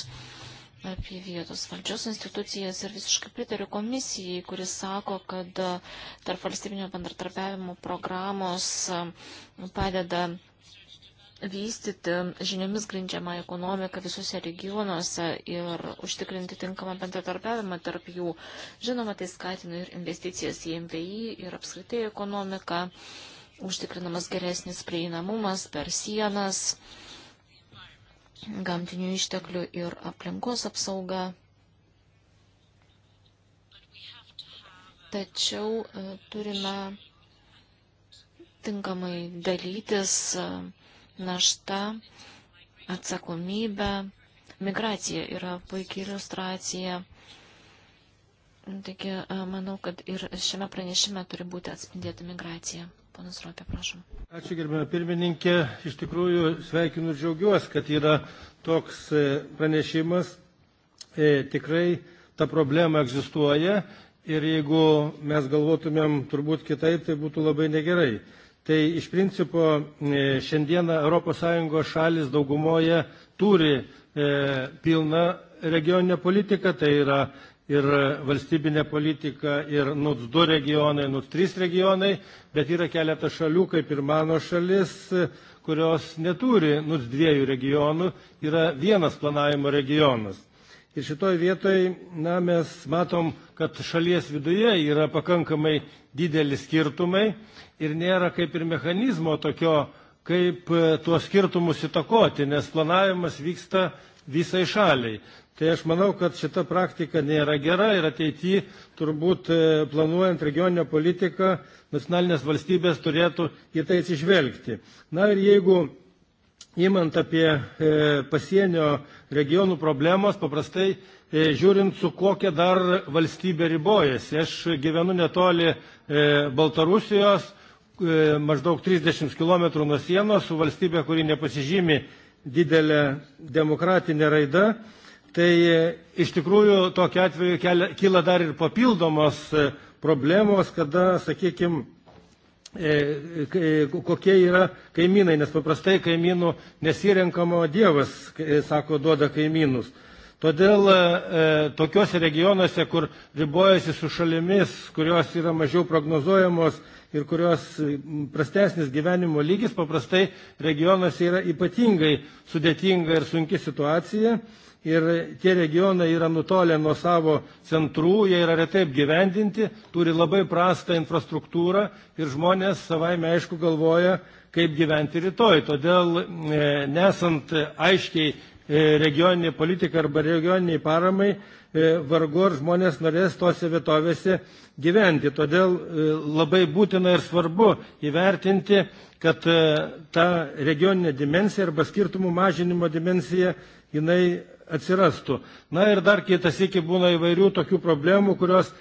apie vietos valdžios institucijas ir visiškai pritariu komisijai, kuris sako, kad tarp valstybinio bendratarpiavimo programos padeda vystyti žiniomis grindžiamą ekonomiką visuose regionuose ir užtikrinti tinkamą bendradarbiavimą tarp jų. Žinoma, tai skatina ir investicijas į MVI ir apskritai ekonomiką, užtikrinamas geresnis prieinamumas per sienas, gamtinių išteklių ir aplinkos apsauga. Tačiau e, turime tinkamai dalytis uh, našta, atsakomybė. Migracija yra puikiai iliustracija. Taigi, manau, kad ir šiame pranešime turi būti atspindėta migracija. Ponas Ropė, prašom. Ačiū, gerbėme pirmininkė. Iš tikrųjų, sveikinu ir džiaugiuosi, kad yra toks e, pranešimas. E, tikrai ta problema egzistuoja ir jeigu mes galvotumėm turbūt kitaip, tai būtų labai negerai. Tai iš principo e, šiandieną ES šalis daugumoje turi e, pilną regioninę politiką, tai yra ir valstybinė politika, ir NUTS 2 regionai, NUTS 3 regionai, bet yra keletas šalių, kaip ir mano šalis, kurios neturi NUTS 2 regionų, yra vienas planavimo regionas. Ir šitoj vietoj na, mes matom, kad šalies viduje yra pakankamai didelis skirtumai ir nėra kaip ir mechanizmo tokio, kaip e, tuos skirtumus įtakoti, nes planavimas vyksta visai šaliai. Tai aš manau, kad šita praktika nėra gera ir ateityje turbūt e, planuojant regioninę politiką nacionalinės valstybės turėtų į tai atsižvelgti. Na ir jeigu Įmant apie e, pasienio regionų problemos, paprastai e, žiūrint, su kokia dar valstybė ribojasi. Aš gyvenu netoli e, Baltarusijos, maždaug 30 km nuo sienos, su valstybė, kuri nepasižymi didelę demokratinę raidą. Tai iš tikrųjų tokiu atveju kelia, kyla dar ir papildomos problemos, kada, sakykime, E, e, kokie yra kaimynai, nes paprastai kaimynų nesirenkamo Dievas, e, sako, duoda kaimynus. Todėl e, tokiuose regionuose, kur ribojasi su šalimis, kurios yra mažiau prognozuojamos ir kurios prastesnis gyvenimo lygis, paprastai regionuose yra ypatingai sudėtinga ir sunki situacija. E, ir tie regionai yra nutolę nuo savo centrų, jie yra retai apgyvendinti, turi labai prastą infrastruktūrą ir žmonės savaime aišku galvoja, kaip gyventi rytoj. Todėl e, nesant aiškiai e, regioninė politika arba regioniniai paramai, e, vargu ar žmonės norės tose vietovėse gyventi. Todėl labai būtina ir svarbu įvertinti, kad ta regioninė dimensija arba skirtumų mažinimo dimensija jinai atsirastų. Na ir dar kitas iki būna įvairių tokių problemų, kurios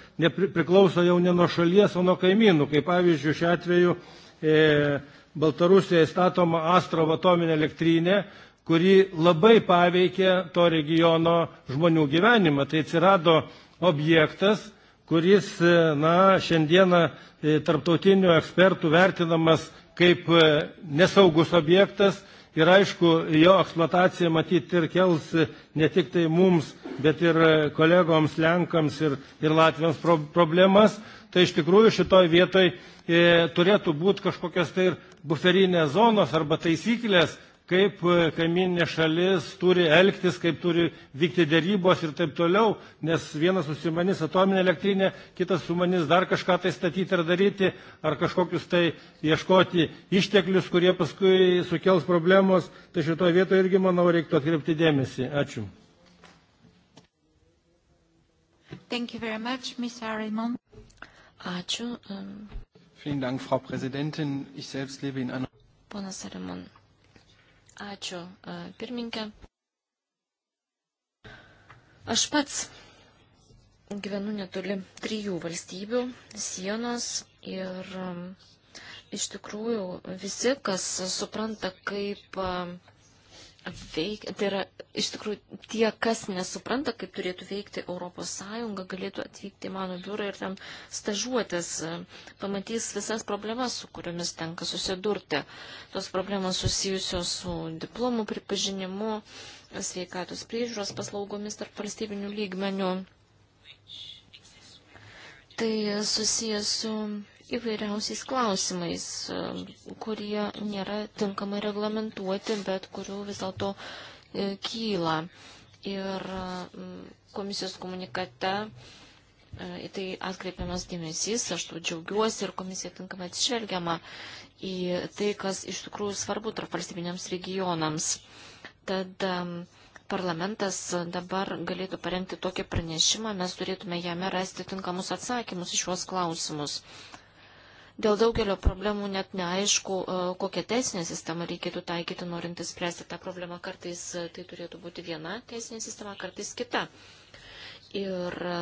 priklauso jau ne nuo šalies, o nuo kaimynų. Kaip pavyzdžiui, šiuo atveju e, Baltarusijoje statoma Astravo atominė elektrinė, kuri labai paveikė to regiono žmonių gyvenimą. Tai atsirado objektas, kuris e, na, šiandieną e, tarptautinių ekspertų vertinamas kaip e, nesaugus objektas Ir aišku, jo eksploatacija matyti ir kels ne tik tai mums, bet ir kolegoms, lenkams ir, ir latviams pro, problemas. Tai iš tikrųjų šitoj vietoj e, turėtų būti kažkokios tai ir buferinės zonos arba taisyklės, kaip e, kaiminė šalis turi elgtis, kaip turi vykti dėrybos ir taip toliau, nes vienas susimanys atominę elektrinę, kitas sumanys dar kažką tai statyti ar daryti, ar kažkokius tai ieškoti išteklius, kurie paskui sukels problemos, tai šitoje vietoje irgi, manau, reiktų atkreipti dėmesį. Ačiū. Thank you very much, Ms. Arimon. Ačiū. Um... Vielen Dank, Frau Präsidentin. Ich selbst lebe in einer. Ponas Arimon. Ačiū, pirminkė. Aš pats gyvenu netoli trijų valstybių sienos ir iš tikrųjų visi, kas supranta, kaip veikia, tai yra iš tikrųjų tie, kas nesupranta, kaip turėtų veikti ES, galėtų atvykti į mano biurą ir ten stažuotis, e, pamatys visas problemas, su kuriomis tenka susidurti. Tos problemas susijusios su diplomų pripažinimu, sveikatos priežiūros paslaugomis tarp valstybinių lygmenių. Tai susijęs su įvairiausiais klausimais, e, kurie nėra tinkamai reglamentuoti, bet kurių vis dėlto e, kyla. Ir e, komisijos komunikate į tai atkreipiamas dėmesys, aš to džiaugiuosi ir komisija tinkamai atsižvelgiama į tai, kas iš tikrųjų svarbu tarp valstybiniams regionams. Tad parlamentas dabar galėtų parengti tokį pranešimą, mes turėtume jame rasti tinkamus atsakymus iš juos klausimus. Dėl daugelio problemų net neaišku, e, kokią teisinę sistemą reikėtų taikyti, norint įspręsti tą problemą. Kartais e, tai turėtų būti viena teisinė sistema, kartais kita. Ir e,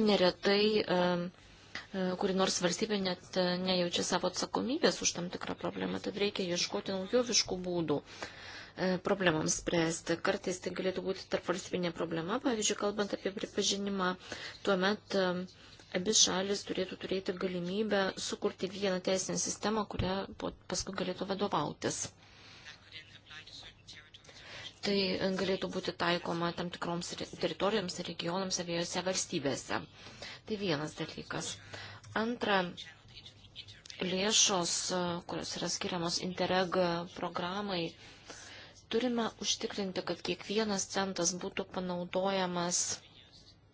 neretai kuri nors valstybė net nejaučia savo atsakomybės už tam tikrą problemą, tad reikia ieškoti naujoviškų būdų problemams spręsti. Kartais tai galėtų būti tarp valstybinė problema, pavyzdžiui, kalbant apie pripažinimą, tuomet abi šalis turėtų turėti galimybę sukurti vieną teisinę sistemą, kurią paskui galėtų vadovautis. Tai galėtų būti taikoma tam tikroms teritorijoms ir regionams abiejose valstybėse. Tai vienas dalykas. Antra, lėšos, kurios yra skiriamos Interreg programai, turime užtikrinti, kad kiekvienas centas būtų panaudojamas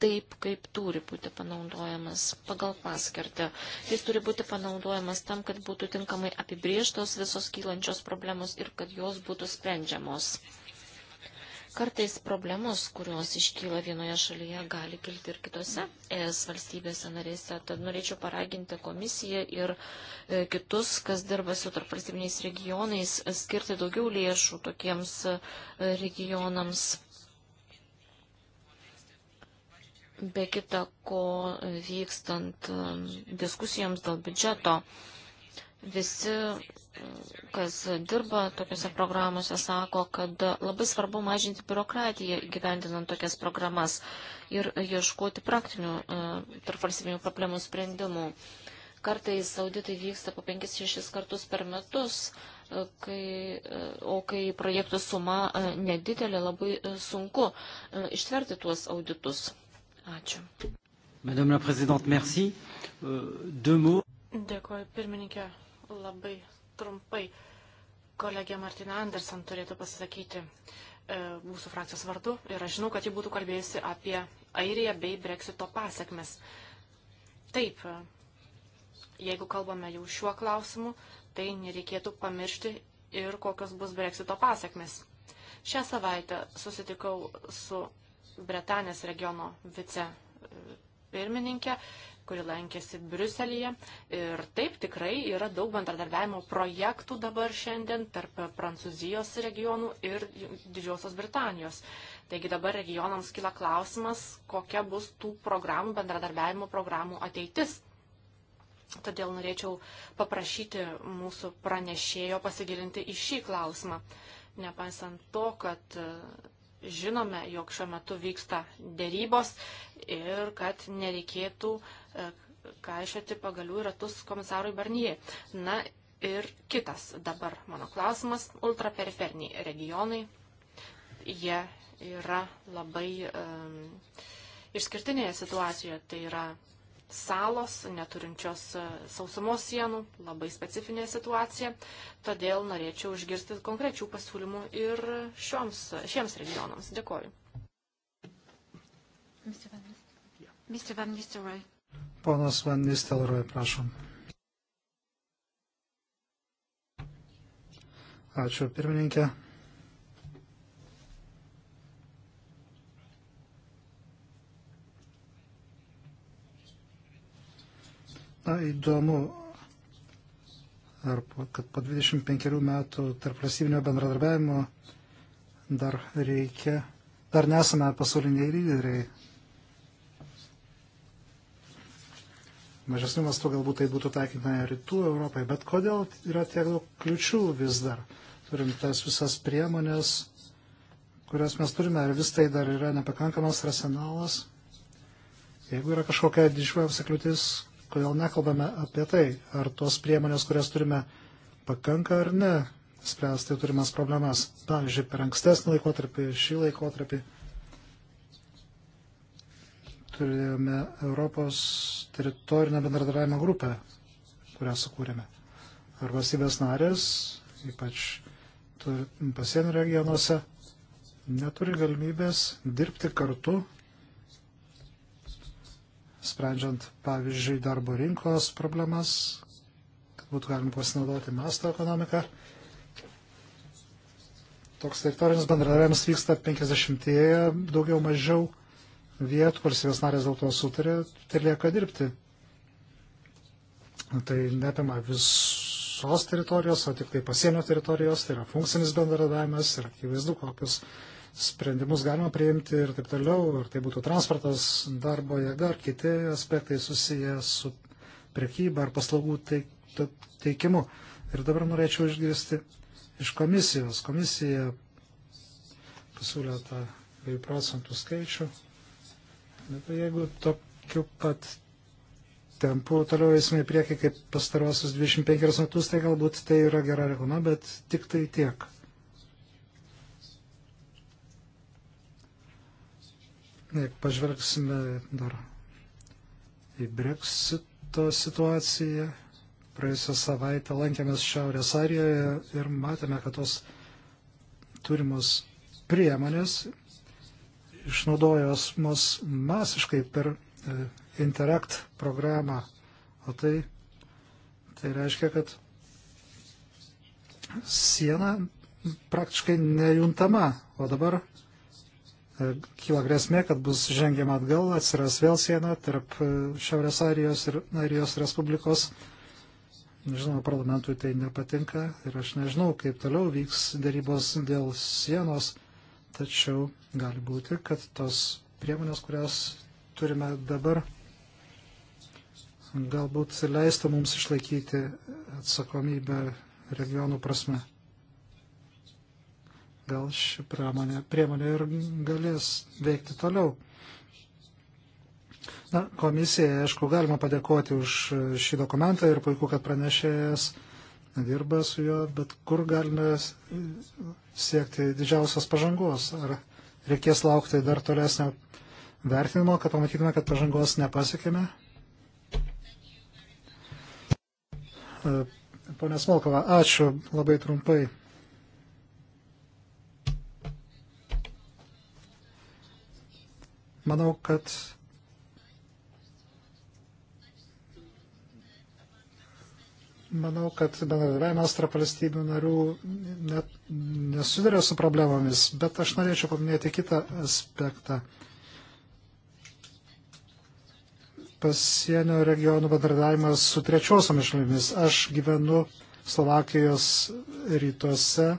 taip, kaip turi būti panaudojamas pagal paskirtį. Jis turi būti panaudojamas tam, kad būtų tinkamai apibrieštos visos kylančios problemos ir kad jos būtų sprendžiamos. Kartais problemos, kurios iškyla vienoje šalyje, gali kilti ir kitose ES valstybėse narėse. Tad norėčiau paraginti komisiją ir e, kitus, kas dirba su tarpvalstybiniais regionais, skirti daugiau lėšų tokiems e, regionams be kita ko vykstant um, diskusijoms dėl biudžeto. Visi, um, kas dirba tokiuose programuose, sako, kad labai svarbu mažinti biurokratiją gyvendinant tokias programas ir ieškoti praktinių um, tarp valstybinių problemų sprendimų. Kartais auditai vyksta po 5-6 kartus per metus, uh, kai, uh, o kai projektų suma uh, nedidelė, labai sunku ištverti tuos auditus. Ačiū. Madame la Présidente, merci. Euh, deux mots. Dėkuoju, pirmininkė, labai trumpai. Kolegė Martina Anderson turėtų pasisakyti e, mūsų frakcijos vardu ir aš žinau, kad ji būtų kalbėjusi apie Airiją bei Brexito pasiekmes. Taip, e, jeigu kalbame jau šiuo klausimu, tai nereikėtų pamiršti ir kokios bus Brexito pasiekmes. Šią savaitę susitikau su Bretanės regiono vice pirmininkė, kuri lankėsi Briuselyje. Ir taip tikrai yra daug bendradarbiavimo projektų dabar šiandien tarp Prancūzijos regionų ir Didžiosios Britanijos. Taigi dabar regionams kila klausimas, kokia bus tų programų, bendradarbiavimo programų ateitis. Todėl norėčiau paprašyti mūsų pranešėjo pasigilinti į šį klausimą. Nepaisant to, kad Žinome, jog šiuo metu vyksta dėrybos ir kad nereikėtų e, kaišėti pagalių ratus komisarui Barnyje. Na ir kitas dabar mano klausimas - ultraperiferiniai regionai. Jie yra labai um, išskirtinėje situacijoje, tai yra salos, neturinčios e, sausumos sienų, labai specifinė situacija, todėl norėčiau išgirsti konkrečių pasiūlymų ir šioms, šiems regionams. Dėkoju. Mr. Van Nistelrooy. Ponas Van Nistelrooy, prašom. Ačiū, pirmininkė. Na, įdomu, ar po, kad po 25 metų tarp valstybinio bendradarbiavimo dar reikia, dar nesame pasauliniai lyderiai. Mažesnių mastų galbūt tai būtų taikytina rytų Europai, bet kodėl yra tiek daug kliučių vis dar? Turim tas visas priemonės, kurias mes turime, ar vis tai dar yra nepakankamas racionalas? Jeigu yra kažkokia didžiuliausia kliūtis, Kodėl nekalbame apie tai, ar tos priemonės, kurias turime, pakanka ar ne, spręsti turimas problemas. Pavyzdžiui, per ankstesnį laikotarpį, šį laikotarpį turėjome Europos teritorinę bendradarbiavimo grupę, kurią sukūrėme. Ar valstybės narės, ypač pasienio regionuose, neturi galimybės dirbti kartu sprendžiant, pavyzdžiui, darbo rinkos problemas, kad būtų galima pasinaudoti masto ekonomiką. Toks teritorinis bendradarbiavimas vyksta 50-ieje, daugiau mažiau vietų, valstybės narės dėl to sutarė, tai lieka dirbti. Tai neapima visos teritorijos, o tik tai pasienio teritorijos, tai yra funkcinis bendradarbiavimas ir akivaizdu, kokius sprendimus galima priimti ir taip toliau, ar tai būtų transportas, darbo jėga, ar kiti aspektai susiję su prekyba ar paslaugų teikimu. Ir dabar norėčiau išgirsti iš komisijos. Komisija pasiūlė tą 2 procentų skaičių. Bet tai jeigu tokiu pat tempu toliau eisime į priekį kaip pastarosius 25 metus, tai galbūt tai yra gera reklama, bet tik tai tiek. Pažvelgsime dar į Brexito situaciją. Praėjusią savaitę lankėmės Šiaurės Arijoje ir matėme, kad tos turimos priemonės išnaudojos mus masiškai per e, Interact programą. O tai, tai reiškia, kad siena praktiškai nejuntama. O dabar E, kyla grėsmė, kad bus žengiama atgal, atsiras vėl siena tarp e, Šiaurės Airijos ir Airijos Respublikos. Žinoma, parlamentui tai nepatinka ir aš nežinau, kaip toliau vyks darybos dėl sienos, tačiau gali būti, kad tos priemonės, kurias turime dabar, galbūt leistų mums išlaikyti atsakomybę regionų prasme gal ši pramonė, priemonė ir galės veikti toliau. Na, komisija, aišku, galima padėkoti už šį dokumentą ir puiku, kad pranešėjas dirba su juo, bet kur galime siekti didžiausios pažangos? Ar reikės laukti dar tolesnio vertinimo, kad pamatytume, kad pažangos nepasiekime? Pone Smolkova, ačiū labai trumpai. Manau, kad Manau, kad bendradarbiavimas tarp valstybių narių net nesudarė su problemomis, bet aš norėčiau paminėti kitą aspektą. Pasienio regionų bendradarbiavimas su trečiosiomis šalimis. Aš gyvenu Slovakijos rytuose,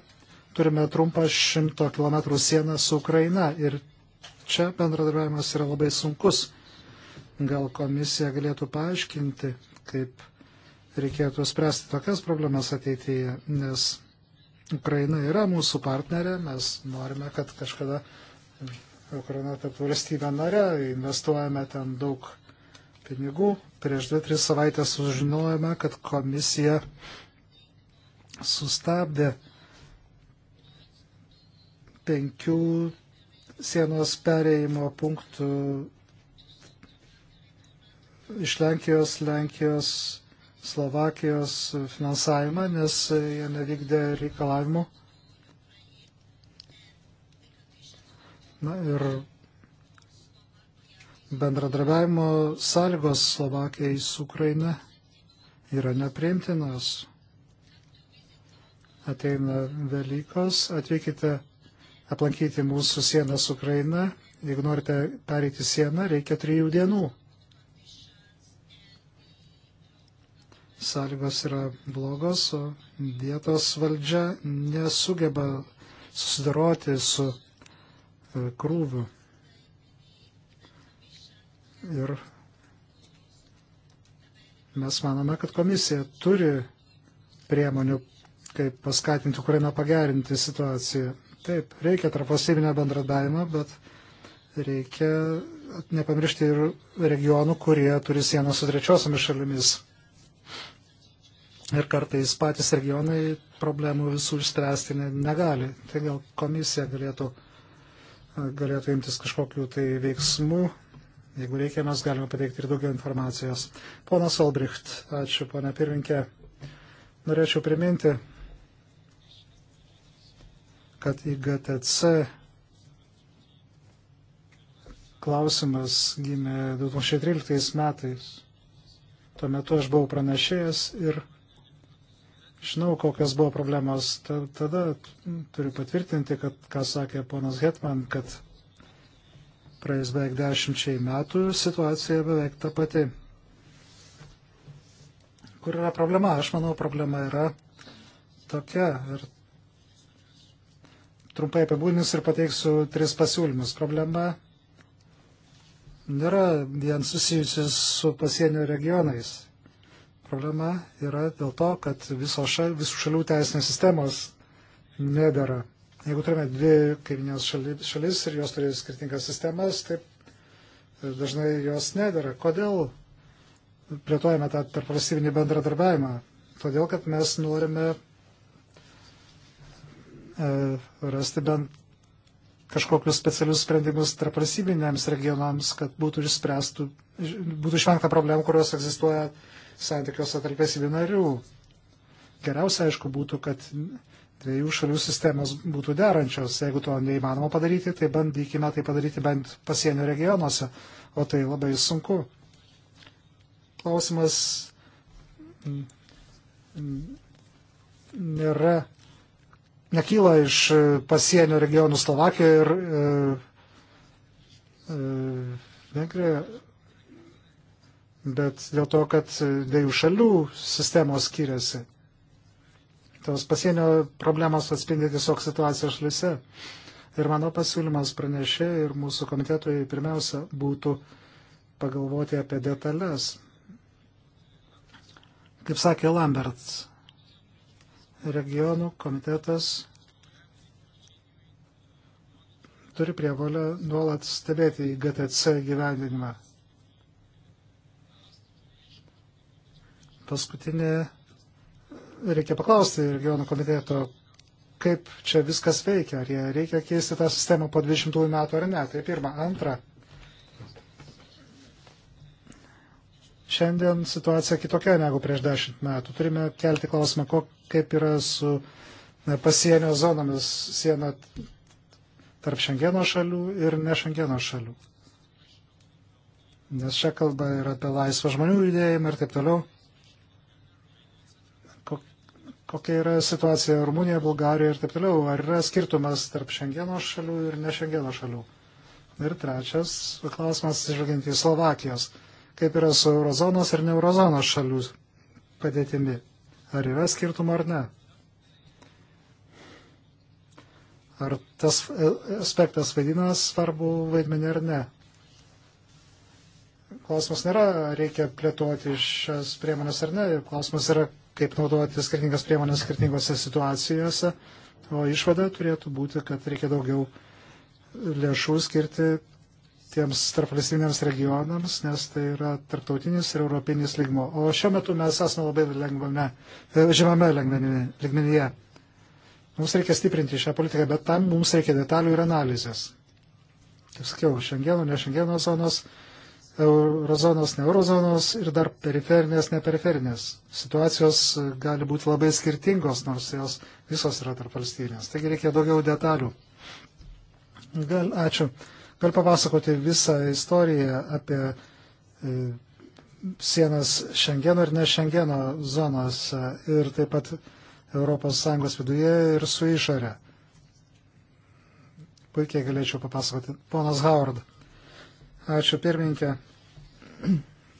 turime trumpą šimto kilometrų sieną su Ukraina ir čia bendradarbiavimas yra labai sunkus. Gal komisija galėtų paaiškinti, kaip reikėtų spręsti tokias problemas ateityje, nes Ukraina yra mūsų partnerė, mes norime, kad kažkada Ukraina taptų valstybę narę, investuojame ten daug pinigų. Prieš 2-3 savaitės sužinojome, kad komisija sustabdė penkių sienos pereimo punktų iš Lenkijos, Lenkijos, Slovakijos finansavimą, nes jie nevykdė reikalavimų. Na ir bendradarbiavimo sąlygos Slovakijai su Ukraina yra nepriimtinos. Ateina Velykos, atvykite aplankyti mūsų sieną su Ukraina. Jeigu norite pereiti sieną, reikia trijų dienų. Sąlygos yra blogos, o vietos valdžia nesugeba susidaroti su e, krūviu. Ir mes manome, kad komisija turi priemonių, kaip paskatinti Ukrainą pagerinti situaciją. Taip, reikia tarpvalstybinio bendradavimo, bet reikia nepamiršti ir regionų, kurie turi sieną su trečiosiomis šalimis. Ir kartais patys regionai problemų visų išspręsti negali. Tai gal komisija galėtų, galėtų imtis kažkokių tai veiksmų. Jeigu reikia, mes galime pateikti ir daugiau informacijos. Ponas Olbricht, ačiū, ponia pirminkė. Norėčiau priminti, kad į GTC klausimas gimė 2013 metais. Tuo metu aš buvau pranešėjęs ir žinau, kokios buvo problemos. Tada turiu patvirtinti, kad, ką sakė ponas Hetman, kad praeis beveik dešimčiai metų situacija beveik ta pati. Kur yra problema? Aš manau, problema yra tokia ir trumpai apibūdinsiu ir pateiksiu tris pasiūlymus. Problema nėra vien susijusi su pasienio regionais. Problema yra dėl to, kad šal, visų šalių teisinės sistemos nedara. Jeigu turime dvi kaiminės šalis, šalis ir jos turi skirtingas sistemas, taip e, dažnai jos nedara. Kodėl plėtojame tą tarpvalstybinį bendradarbiavimą? Todėl, kad mes norime E, rasti bent kažkokius specialius sprendimus tarp valstybinėms regionams, kad būtų išspręstų, būtų išvengta problemų, kurios egzistuoja santykiuose tarp valstybių narių. Geriausia, aišku, būtų, kad dviejų šalių sistemos būtų derančios. Jeigu to neįmanoma padaryti, tai bandykime tai padaryti bent pasienio regionuose, o tai labai sunku. Klausimas nėra nekyla iš e, pasienio regionų Slovakijoje ir e, e, Vengrijoje, bet dėl to, kad dviejų šalių sistemos skiriasi. Tos pasienio problemos atspindi tiesiog situaciją šalise. Ir mano pasiūlymas pranešė ir mūsų komitetui pirmiausia būtų pagalvoti apie detalės. Kaip sakė Lamberts, regionų komitetas turi prievolę nuolat stebėti į GTC gyvendinimą. Paskutinė, reikia paklausti regionų komiteto, kaip čia viskas veikia, ar jie reikia keisti tą sistemą po 20 metų ar ne. Tai pirma. Antra, Šiandien situacija kitokia negu prieš dešimt metų. Turime kelti klausimą, ko, kaip yra su pasienio zonomis siena tarp šengeno šalių ir ne šengeno šalių. Nes čia kalba yra apie laisvą žmonių judėjimą ir taip toliau. Kokia yra situacija Rumunijoje, Bulgarijoje ir taip toliau. Ar yra skirtumas tarp šengeno šalių ir ne šengeno šalių. Ir trečias klausimas, išvelgiant į Slovakijos kaip yra su eurozonos ir neurozonos šalių padėtimi. Ar yra skirtumo ar ne? Ar tas aspektas vaidina svarbu vaidmenį ar ne? Klausimas nėra, reikia plėtoti šias priemonės ar ne. Klausimas yra, kaip naudoti skirtingas priemonės skirtingose situacijose. O išvada turėtų būti, kad reikia daugiau lėšų skirti tiems tarpvalstybiniams regionams, nes tai yra tarptautinis ir europinis lygmo. O šiuo metu mes esame labai lengvame, e, žemame lygmenyje. Mums reikia stiprinti šią politiką, bet tam mums reikia detalių ir analizės. Kaip sakiau, šengeno, ne šengeno zonos, eurozonos, ne eurozonos ir dar periferinės, ne periferinės. Situacijos e, gali būti labai skirtingos, nors jos visos yra tarp valstybės. Taigi reikia daugiau detalių. Gal, ačiū. Galiu papasakoti visą istoriją apie e, sienas Šengeno ir ne Šengeno zonos ir taip pat ES viduje ir su išorė. Puikiai galėčiau papasakoti. Ponas Howard. Ačiū pirmininkė.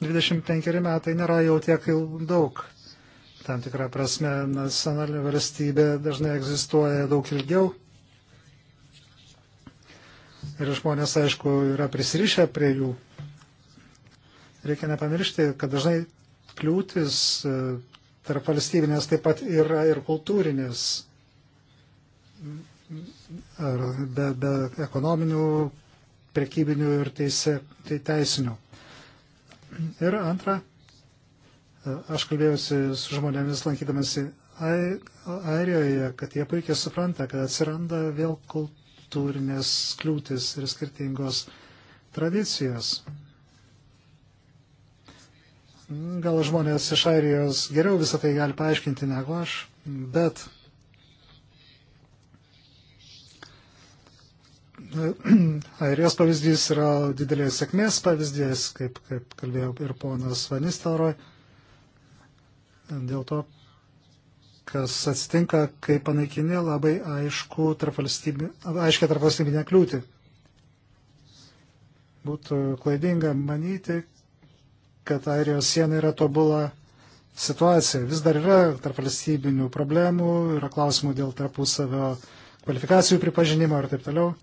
25 <clears throat> metai nėra jau tiek jau daug. Tam tikrą prasme nacionalinė valstybė dažnai egzistuoja daug ilgiau Ir žmonės, aišku, yra prisirišę prie jų. Reikia nepamiršti, kad dažnai kliūtis e, tarp valstybinės taip pat yra ir kultūrinės, ar be, be ekonominių, prekybinių ir teise, tai teisinių. Ir antra, e, aš kalbėjausi su žmonėmis lankydamasi Airijoje, kad jie puikiai supranta, kad atsiranda vėl kult, kultūrinės kliūtis ir skirtingos tradicijos. Gal žmonės iš Airijos geriau visą tai gali paaiškinti negu aš, bet <clears throat> Airijos pavyzdys yra didelės sėkmės pavyzdys, kaip, kaip kalbėjo ir ponas Vanistaroj. Dėl to kas atsitinka, kai panaikini labai aišku tarp aiškia tarp valstybinę kliūtį. Būtų klaidinga manyti, kad Airijos siena yra tobula situacija. Vis dar yra tarp valstybinių problemų, yra klausimų dėl tarpusavio kvalifikacijų pripažinimo ir taip toliau.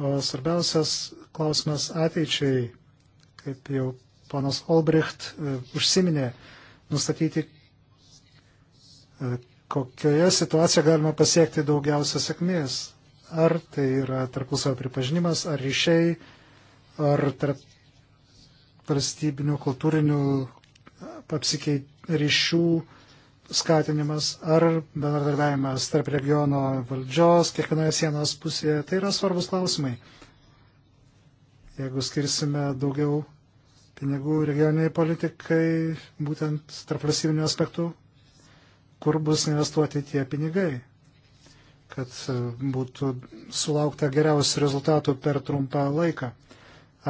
O svarbiausias klausimas ateičiai, kaip jau ponas Olbricht e, užsiminė, nustatyti, E, kokioje situacijoje galima pasiekti daugiausia sėkmės. Ar tai yra tarpusavio pripažinimas, ar ryšiai, ar tarp valstybinių kultūrinių apsikeit ryšių skatinimas, ar bendradarbiavimas tarp regiono valdžios, kiekvienoje sienos pusėje. Tai yra svarbus klausimai. Jeigu skirsime daugiau pinigų regioniniai politikai, būtent tarp valstybinių aspektų, kur bus investuoti tie pinigai, kad būtų sulaukta geriausių rezultatų per trumpą laiką.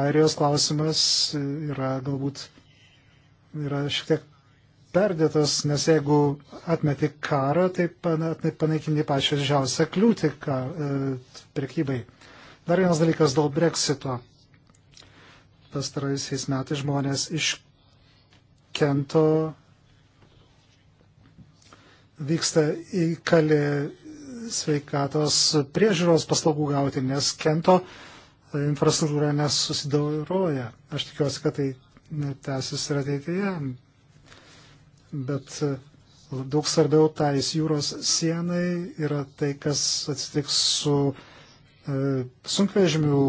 Airijos klausimas yra galbūt yra šiek tiek perdėtas, nes jeigu atmeti karą, tai panaikini pačią didžiausią kliūtį ką, e, prekybai. Dar vienas dalykas dėl breksito. Pastaraisiais metais žmonės iš Kento vyksta į kalį sveikatos priežiūros paslaugų gauti, nes Kento infrastruktūra nesusidauroja. Aš tikiuosi, kad tai tęsis ir ateityje, bet e, daug svarbiau tais jūros sienai yra tai, kas atsitiks su e, sunkvežimių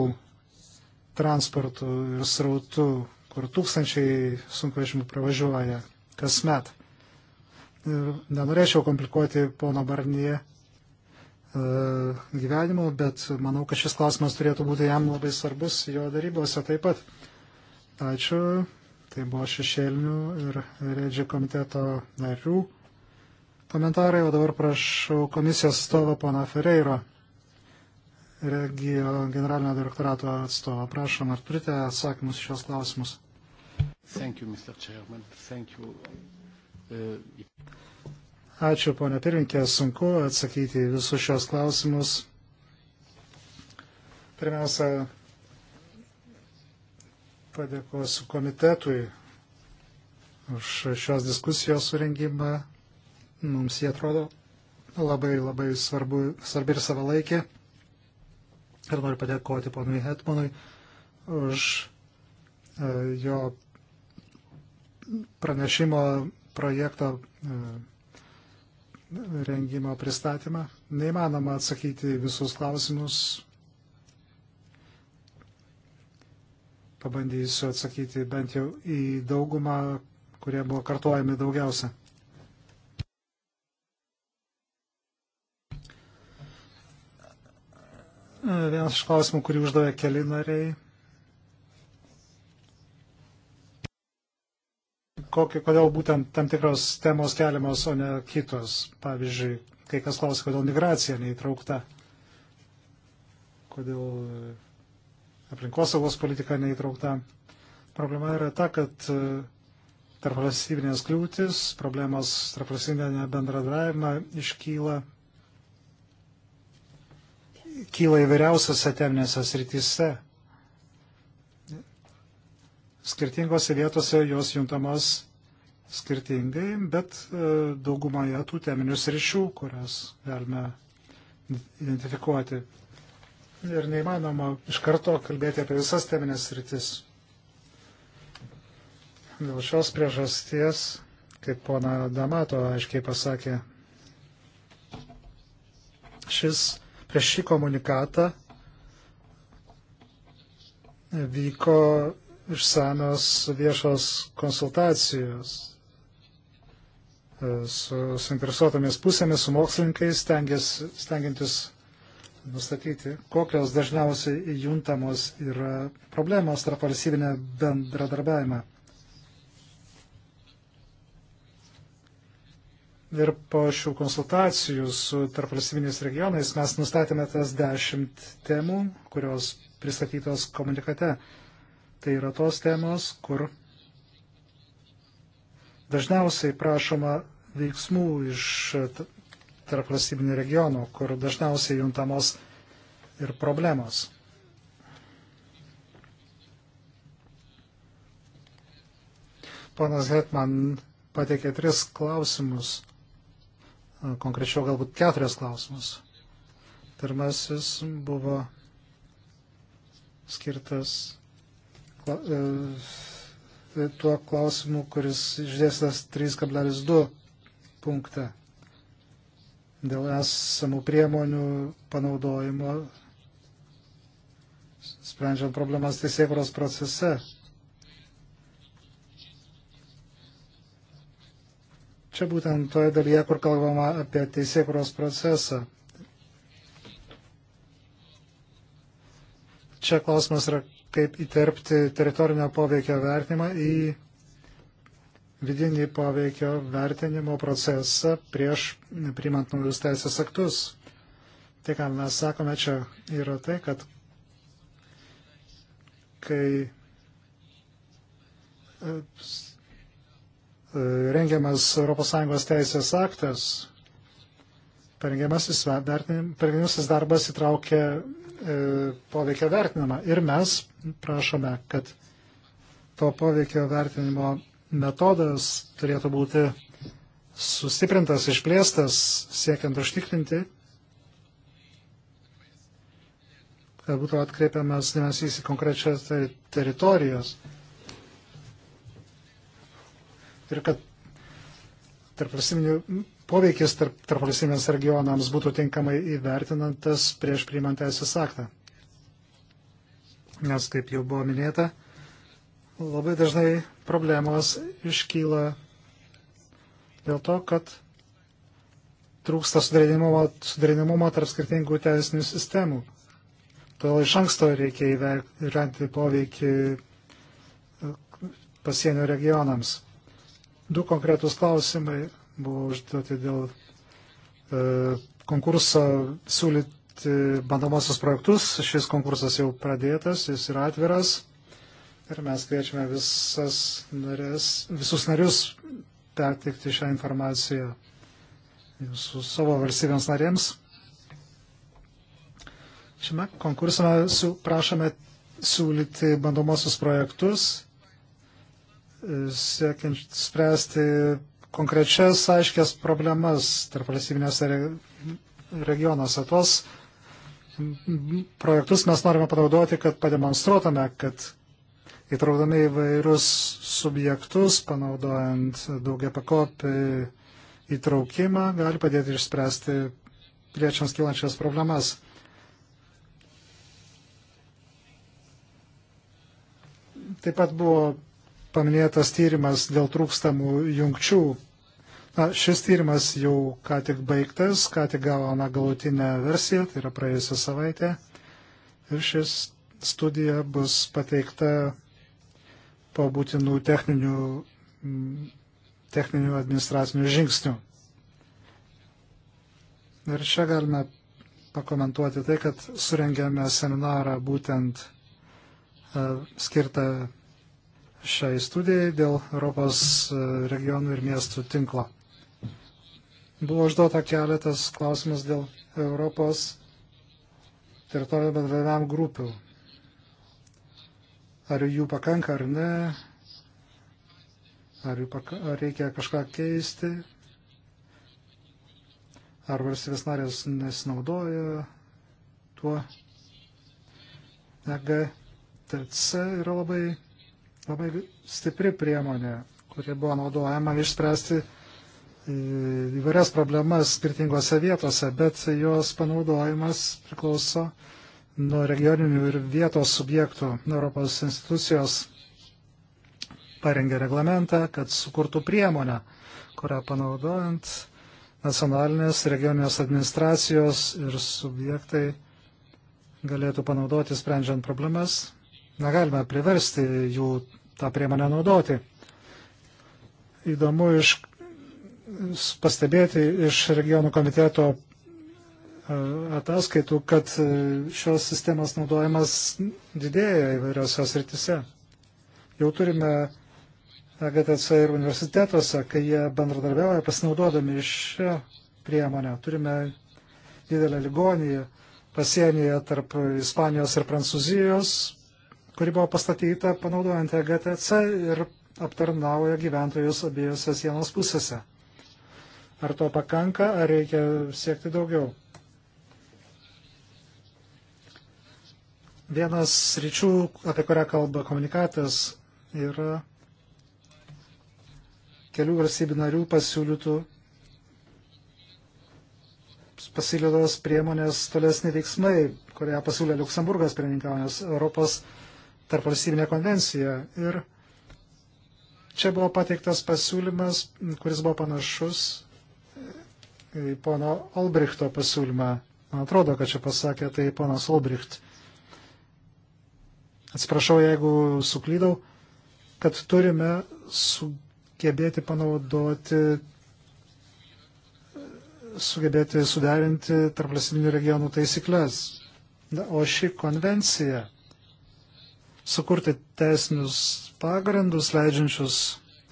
transportu ir srautu, kur tūkstančiai sunkvežimių pravažiuoja kasmet nenorėčiau komplikuoti pono Barnie e, gyvenimu, bet manau, kad šis klausimas turėtų būti jam labai svarbus jo darybose taip pat. Ačiū. Tai buvo šešėlinių ir redžio komiteto narių komentarai, o dabar prašau komisijos atstovą pono Ferreiro, regio generalinio direktorato atstovą. Prašom, ar turite atsakymus šios klausimus? Thank you, Mr. Chairman. Thank you. Ačiū, ponė pirminkė, sunku atsakyti visus šios klausimus. Pirmiausia, padėkosiu komitetui už šios diskusijos surengimą. Mums jie atrodo labai labai svarbu, svarbi ir savalaikė. Ir noriu padėkoti ponui Hetmanui už e, jo pranešimo projekto e, rengimo pristatymą. Neįmanoma atsakyti visus klausimus. Pabandysiu atsakyti bent jau į daugumą, kurie buvo kartuojami daugiausia. E, vienas iš klausimų, kurį uždavė keli nariai kokį, kodėl būtent tam tikros temos keliamos, o ne kitos. Pavyzdžiui, kai kas klausia, kodėl migracija neįtraukta, kodėl aplinkosaugos politika neįtraukta. Problema yra ta, kad e, tarpvalstybinės kliūtis, problemos tarpvalstybinė bendradavimą iškyla kyla įvairiausiose teminėse srityse skirtingose vietose jos juntamos skirtingai, bet e, daugumoje tų teminių sričių, kurias galime identifikuoti. Ir neįmanoma iš karto kalbėti apie visas teminės sritis. Dėl šios priežasties, kaip pona Damato aiškiai pasakė, šis prieš šį komunikatą vyko išsamios viešos konsultacijos e, su suinteresuotomis pusėmis, su mokslininkais, stengiantis nustatyti, kokios dažniausiai juntamos yra problemos tarp valstybinę bendradarbiavimą. Ir po šių konsultacijų su tarpvalstybiniais regionais mes nustatėme tas dešimt temų, kurios pristatytos komunikate. Tai yra tos temos, kur dažniausiai prašoma veiksmų iš tarp valstybinių regionų, kur dažniausiai juntamos ir problemos. Ponas Hetman pateikė tris klausimus, konkrečiau galbūt keturias klausimus. Pirmasis buvo skirtas E, tai tuo klausimu, kuris išdėstas 3,2 punktą dėl esamų priemonių panaudojimo, sprendžiant problemas teisėkuros procese. Čia būtent toje dalyje, kur kalbama apie teisėkuros procesą. Čia klausimas yra, kaip įterpti teritorinio poveikio vertinimą į vidinį poveikio vertinimo procesą prieš priimant naujus teisės aktus. Tai, ką mes sakome čia, yra tai, kad kai e, rengiamas ES teisės aktas, parengiamasis darbas įtraukia E, poveikio vertinimą. Ir mes prašome, kad to poveikio vertinimo metodas turėtų būti sustiprintas, išplėstas, siekiant užtikrinti, kad būtų atkreipiamas dėmesys į konkrečias teritorijas. Ir kad tarp prasiminių poveikis tarp, tarp valstybės regionams būtų tinkamai įvertinantas prieš priimant teisės aktą. Nes, kaip jau buvo minėta, labai dažnai problemos iškyla dėl to, kad trūksta sudarinimumo, sudarinimumo tarp skirtingų teisinių sistemų. Todėl iš anksto reikia įvertinti poveikį e, pasienio regionams. Du konkretus klausimai buvo užduoti dėl e, konkurso siūlyti bandomosios projektus. Šis konkursas jau pradėtas, jis yra atviras ir mes kviečiame visas narės, visus narius pertikti šią informaciją jūsų savo valstybėms narėms. Šiame konkursame su, prašome siūlyti bandomosius projektus, e, siekiant spręsti konkrečias aiškias problemas tarp valstybinėse regionuose. Tuos projektus mes norime panaudoti, kad pademonstruotume, kad įtraukdami įvairius subjektus, panaudojant daugia pakopį įtraukimą, gali padėti išspręsti piliečiams kylančias problemas. Taip pat buvo paminėtas tyrimas dėl trūkstamų jungčių. Na, šis tyrimas jau ką tik baigtas, ką tik gavome galutinę versiją, tai yra praėjusią savaitę. Ir šis studija bus pateikta po būtinų techninių, techninių administracinių žingsnių. Ir čia galime pakomentuoti tai, kad surengėme seminarą būtent e, skirtą šiai studijai dėl Europos e, regionų ir miestų tinklo. Buvo užduota keletas klausimas dėl Europos teritorijų bendravimam grupių. Ar jų pakanka ar ne, ar, jų paka, ar reikia kažką keisti, ar valstybės narės nesinaudoja tuo. EGTC yra labai labai stipri priemonė, kuri buvo naudojama išspręsti e, įvairias problemas skirtingose vietose, bet jos panaudojimas priklauso nuo regioninių ir vietos subjektų. Europos institucijos parengė reglamentą, kad sukurtų priemonę, kurią panaudojant nacionalinės regioninės administracijos ir subjektai galėtų panaudoti sprendžiant problemas negalime priversti jų tą priemonę naudoti. Įdomu iš, pastebėti iš regionų komiteto e, ataskaitų, kad e, šios sistemos naudojimas didėja įvairiose sritise. Jau turime AGTC e ir universitetuose, kai jie bendradarbiavoja pasinaudodami šią priemonę. Turime didelę ligoniją pasienyje tarp Ispanijos ir Prancūzijos, kuri buvo pastatyta panaudojant EGTC ir aptarnauja gyventojus abiejose sienos pusėse. Ar to pakanka, ar reikia siekti daugiau? Vienas ryčių, apie kurią kalba komunikatas, yra kelių valstybių narių pasiūlytų pasiūlytos priemonės tolesni veiksmai, kurią pasiūlė Luksemburgas pirmininkavimas Europos tarp valstybinę konvenciją. Ir čia buvo pateiktas pasiūlymas, kuris buvo panašus į pono Olbrichto pasiūlymą. Man atrodo, kad čia pasakė tai ponas Olbricht. Atsiprašau, jeigu suklydau, kad turime sugebėti panaudoti sugebėti suderinti tarp valstybinių regionų taisyklės. Na, o ši konvencija sukurti teisinius pagrindus, leidžiančius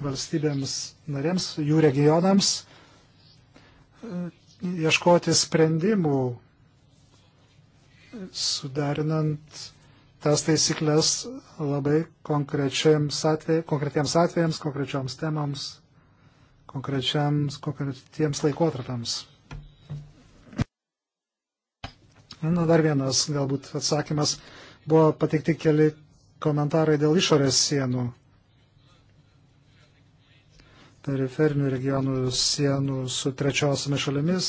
valstybėms narėms, jų regionams e, ieškoti sprendimų, sudarinant tas taisyklės labai konkretiems atvejams, konkretiems atvejams, konkrečioms temams, konkretiems laikotarpiams. Na, dar vienas galbūt atsakymas. Buvo pateikti keli komentarai dėl išorės sienų, periferinių regionų sienų su trečiosiomis šalimis.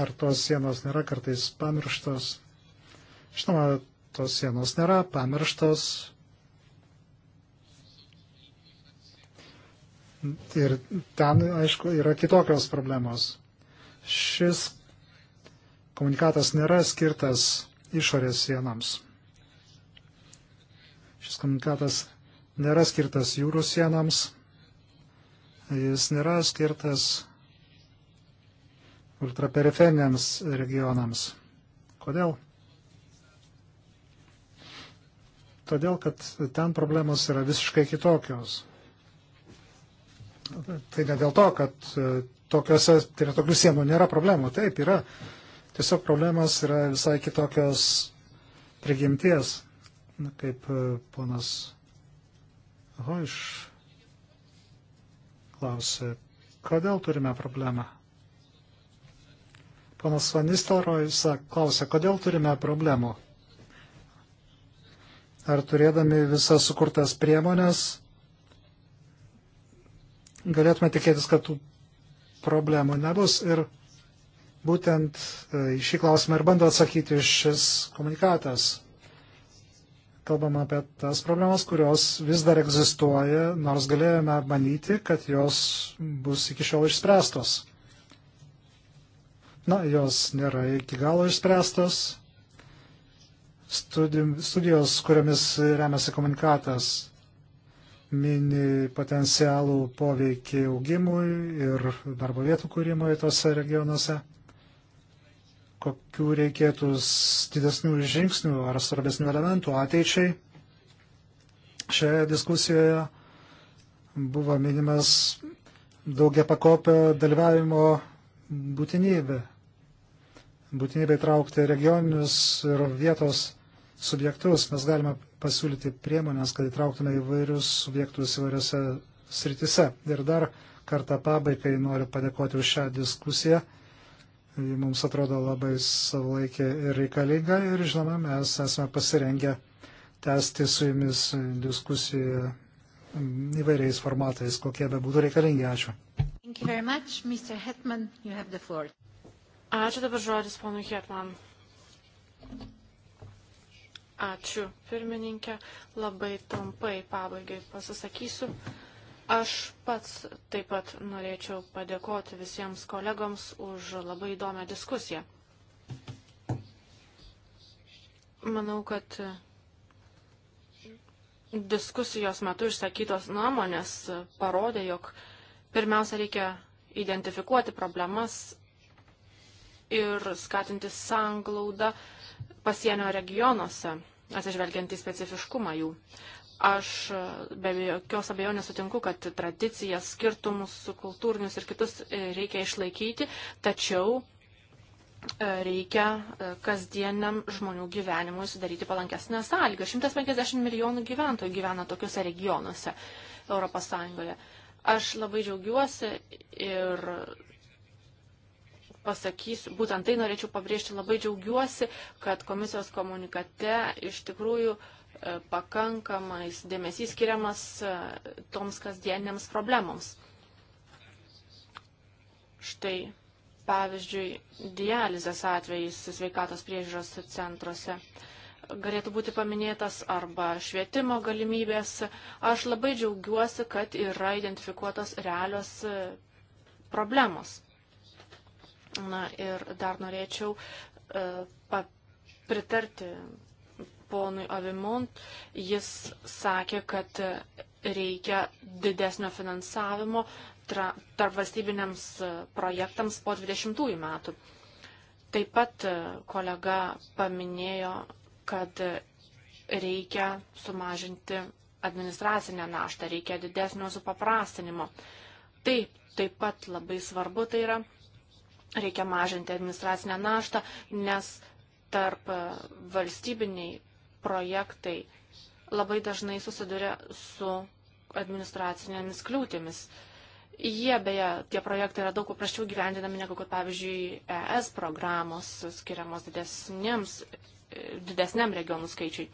Ar tos sienos nėra kartais pamirštos? Žinoma, tos sienos nėra pamirštos. Ir ten, aišku, yra kitokios problemos. Šis komunikatas nėra skirtas išorės sienams. Šis komunikatas nėra skirtas jūrų sienams, jis nėra skirtas ultraperiferiniams regionams. Kodėl? Todėl, kad ten problemos yra visiškai kitokios. Tai ne dėl to, kad tokiuose, tai yra tokių sienų nėra problemų. Taip, yra. Tiesiog problemas yra visai kitokios prigimties kaip e, ponas Hoiš klausė, kodėl turime problemą. Ponas Vanistelroj klausė, kodėl turime problemų. Ar turėdami visas sukurtas priemonės, galėtume tikėtis, kad tų problemų nebus. Ir būtent e, į šį klausimą ir bando atsakyti šis komunikatas kalbama apie tas problemas, kurios vis dar egzistuoja, nors galėjome manyti, kad jos bus iki šiol išspręstos. Na, jos nėra iki galo išspręstos. Studijos, kuriomis remiasi komunikatas, mini potencialų poveikį augimui ir darbo vietų kūrimui tose regionuose kokių reikėtų didesnių žingsnių ar svarbesnių elementų ateičiai. Šioje diskusijoje buvo minimas daugia pakopio dalyvavimo būtinybė. Būtinybė įtraukti regioninius ir vietos subjektus. Mes galime pasiūlyti priemonės, kad įtrauktume įvairius subjektus įvairiose sritise. Ir dar kartą pabaigai noriu padėkoti už šią diskusiją. Ji mums atrodo labai savlaikė ir reikalinga ir žinoma, mes esame pasirengę tęsti su jumis diskusiją įvairiais formatais, kokie be būtų reikalingi. Ačiū. Much, Hetman, Ačiū dabar žodis ponui Hetman. Ačiū pirmininkė. Labai trumpai pabaigai pasisakysiu. Uh, Aš pats taip pat norėčiau padėkoti visiems kolegoms už labai įdomią diskusiją. Manau, kad diskusijos metu išsakytos nuomonės parodė, jog pirmiausia reikia identifikuoti problemas ir skatinti sanglaudą pasienio regionuose, atsižvelgiant į specifiškumą jų. Aš e, be jokios abejonės sutinku, kad tradicijas, skirtumus, kultūrinius ir kitus e, reikia išlaikyti, tačiau e, reikia kasdieniam žmonių gyvenimui sudaryti palankesnę sąlygą. 150 milijonų gyventojų gyvena tokiuose regionuose Europos Sąjungoje. Aš labai džiaugiuosi ir pasakysiu, būtent tai norėčiau pabrėžti, labai džiaugiuosi, kad komisijos komunikate iš tikrųjų uh, E, pakankamais dėmesys skiriamas e, toms kasdienėms problemoms. Štai, pavyzdžiui, dializės atvejais sveikatos priežiūros centruose galėtų būti paminėtas arba švietimo galimybės. Aš labai džiaugiuosi, kad yra identifikuotos realios e, problemos. Na ir dar norėčiau uh, pritarti ponui Avimont. Jis sakė, kad reikia didesnio finansavimo tarp valstybiniams e, projektams po 20 metų. Taip pat e, kolega paminėjo, kad reikia sumažinti administracinę naštą, reikia didesnio supaprastinimo. Taip, taip pat labai svarbu tai yra, reikia mažinti administracinę naštą, nes tarp e, valstybiniai projektai labai dažnai susiduria su administracinėmis kliūtimis. Jie beje, tie projektai yra daug paprasčiau gyvendinami negu, kad, pavyzdžiui, ES programos skiriamos didesniam regionų skaičiui.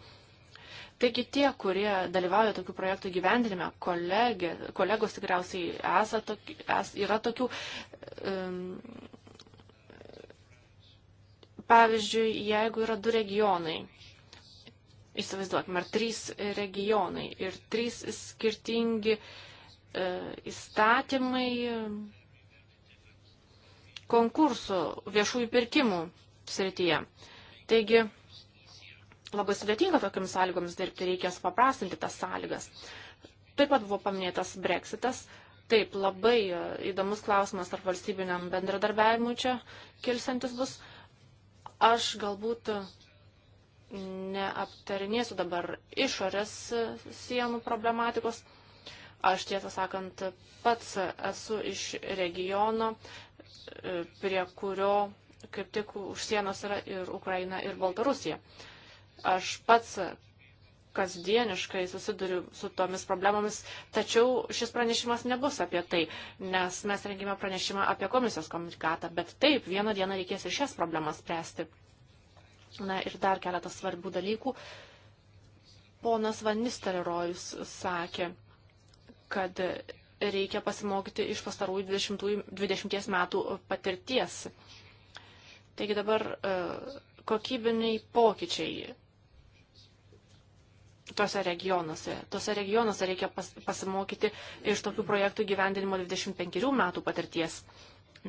Taigi tie, kurie dalyvauja tokių projektų gyvendinime, kolegė, kolegos tikriausiai esą toki, es, yra tokių. Um, pavyzdžiui, jeigu yra du regionai Įsivaizduokime, ar trys regionai ir trys skirtingi e, įstatymai konkursų viešųjų pirkimų srityje. Taigi, labai sudėtinga tokiams sąlygomis dirbti, reikės paprastinti tas sąlygas. Taip pat buvo paminėtas Brexitas. Taip, labai e, įdomus klausimas ar valstybiniam bendradarbiavimui čia kilsantis bus. Aš galbūt neaptarinėsiu dabar išorės sienų problematikos. Aš tiesą sakant, pats esu iš regiono, prie kurio kaip tik už sienos yra ir Ukraina, ir Baltarusija. Aš pats kasdieniškai susiduriu su tomis problemomis, tačiau šis pranešimas nebus apie tai, nes mes rengime pranešimą apie komisijos komunikatą, bet taip, vieną dieną reikės ir šias problemas spręsti. Na ir dar keletas svarbių dalykų. Ponas Van Nistelrojus sakė, kad reikia pasimokyti iš pastarųjų 20, 20 metų patirties. Taigi dabar e, kokybiniai pokyčiai tose regionuose. Tose regionuose reikia pas, pasimokyti iš tokių projektų gyvendinimo 25 metų patirties.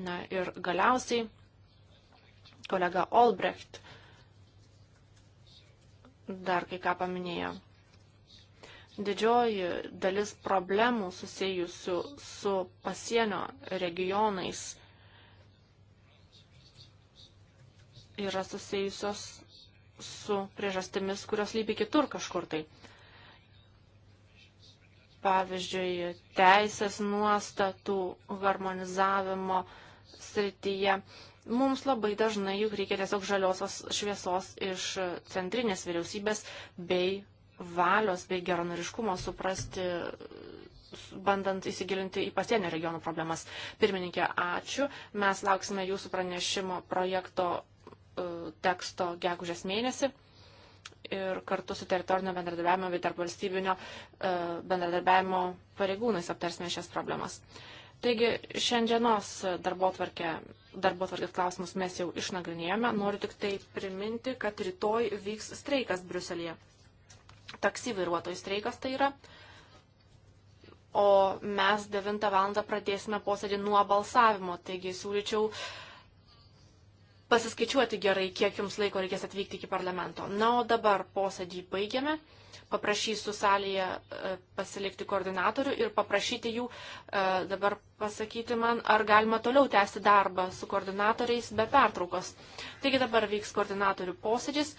Na ir galiausiai kolega Olbrecht dar kai ką paminėjo. Didžioji dalis problemų susijusių su pasienio regionais yra susijusios su priežastimis, kurios lypi kitur kažkur tai pavyzdžiui, teisės nuostatų harmonizavimo srityje Mums labai dažnai juk reikia tiesiog žaliosios šviesos iš centrinės vyriausybės bei valios bei geronoriškumo suprasti, bandant įsigilinti į pasienio regionų problemas. Pirmininkė, ačiū. Mes lauksime jūsų pranešimo projekto e, teksto gegužės mėnesį ir kartu su teritorinio bendradarbiavimo bei tarp valstybinio e, bendradarbiavimo pareigūnais aptarsime šias problemas. Taigi šiandienos darbo tvarkės klausimus mes jau išnagrinėjome. Noriu tik tai priminti, kad rytoj vyks streikas Bruselėje. Taksi vairuotojų streikas tai yra. O mes 9 val. pradėsime posėdį nuo balsavimo. Taigi siūlyčiau pasiskaičiuoti gerai, kiek jums laiko reikės atvykti iki parlamento. Na, o dabar posėdį baigiame paprašysiu salėje e, pasilikti koordinatorių ir paprašyti jų e, dabar pasakyti man, ar galima toliau tęsti darbą su koordinatoriais be pertraukos. Taigi dabar vyks koordinatorių posėdis,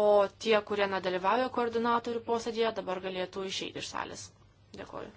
o tie, kurie nedalyvauja koordinatorių posėdėje, dabar galėtų išeiti iš salės. Dėkuoju.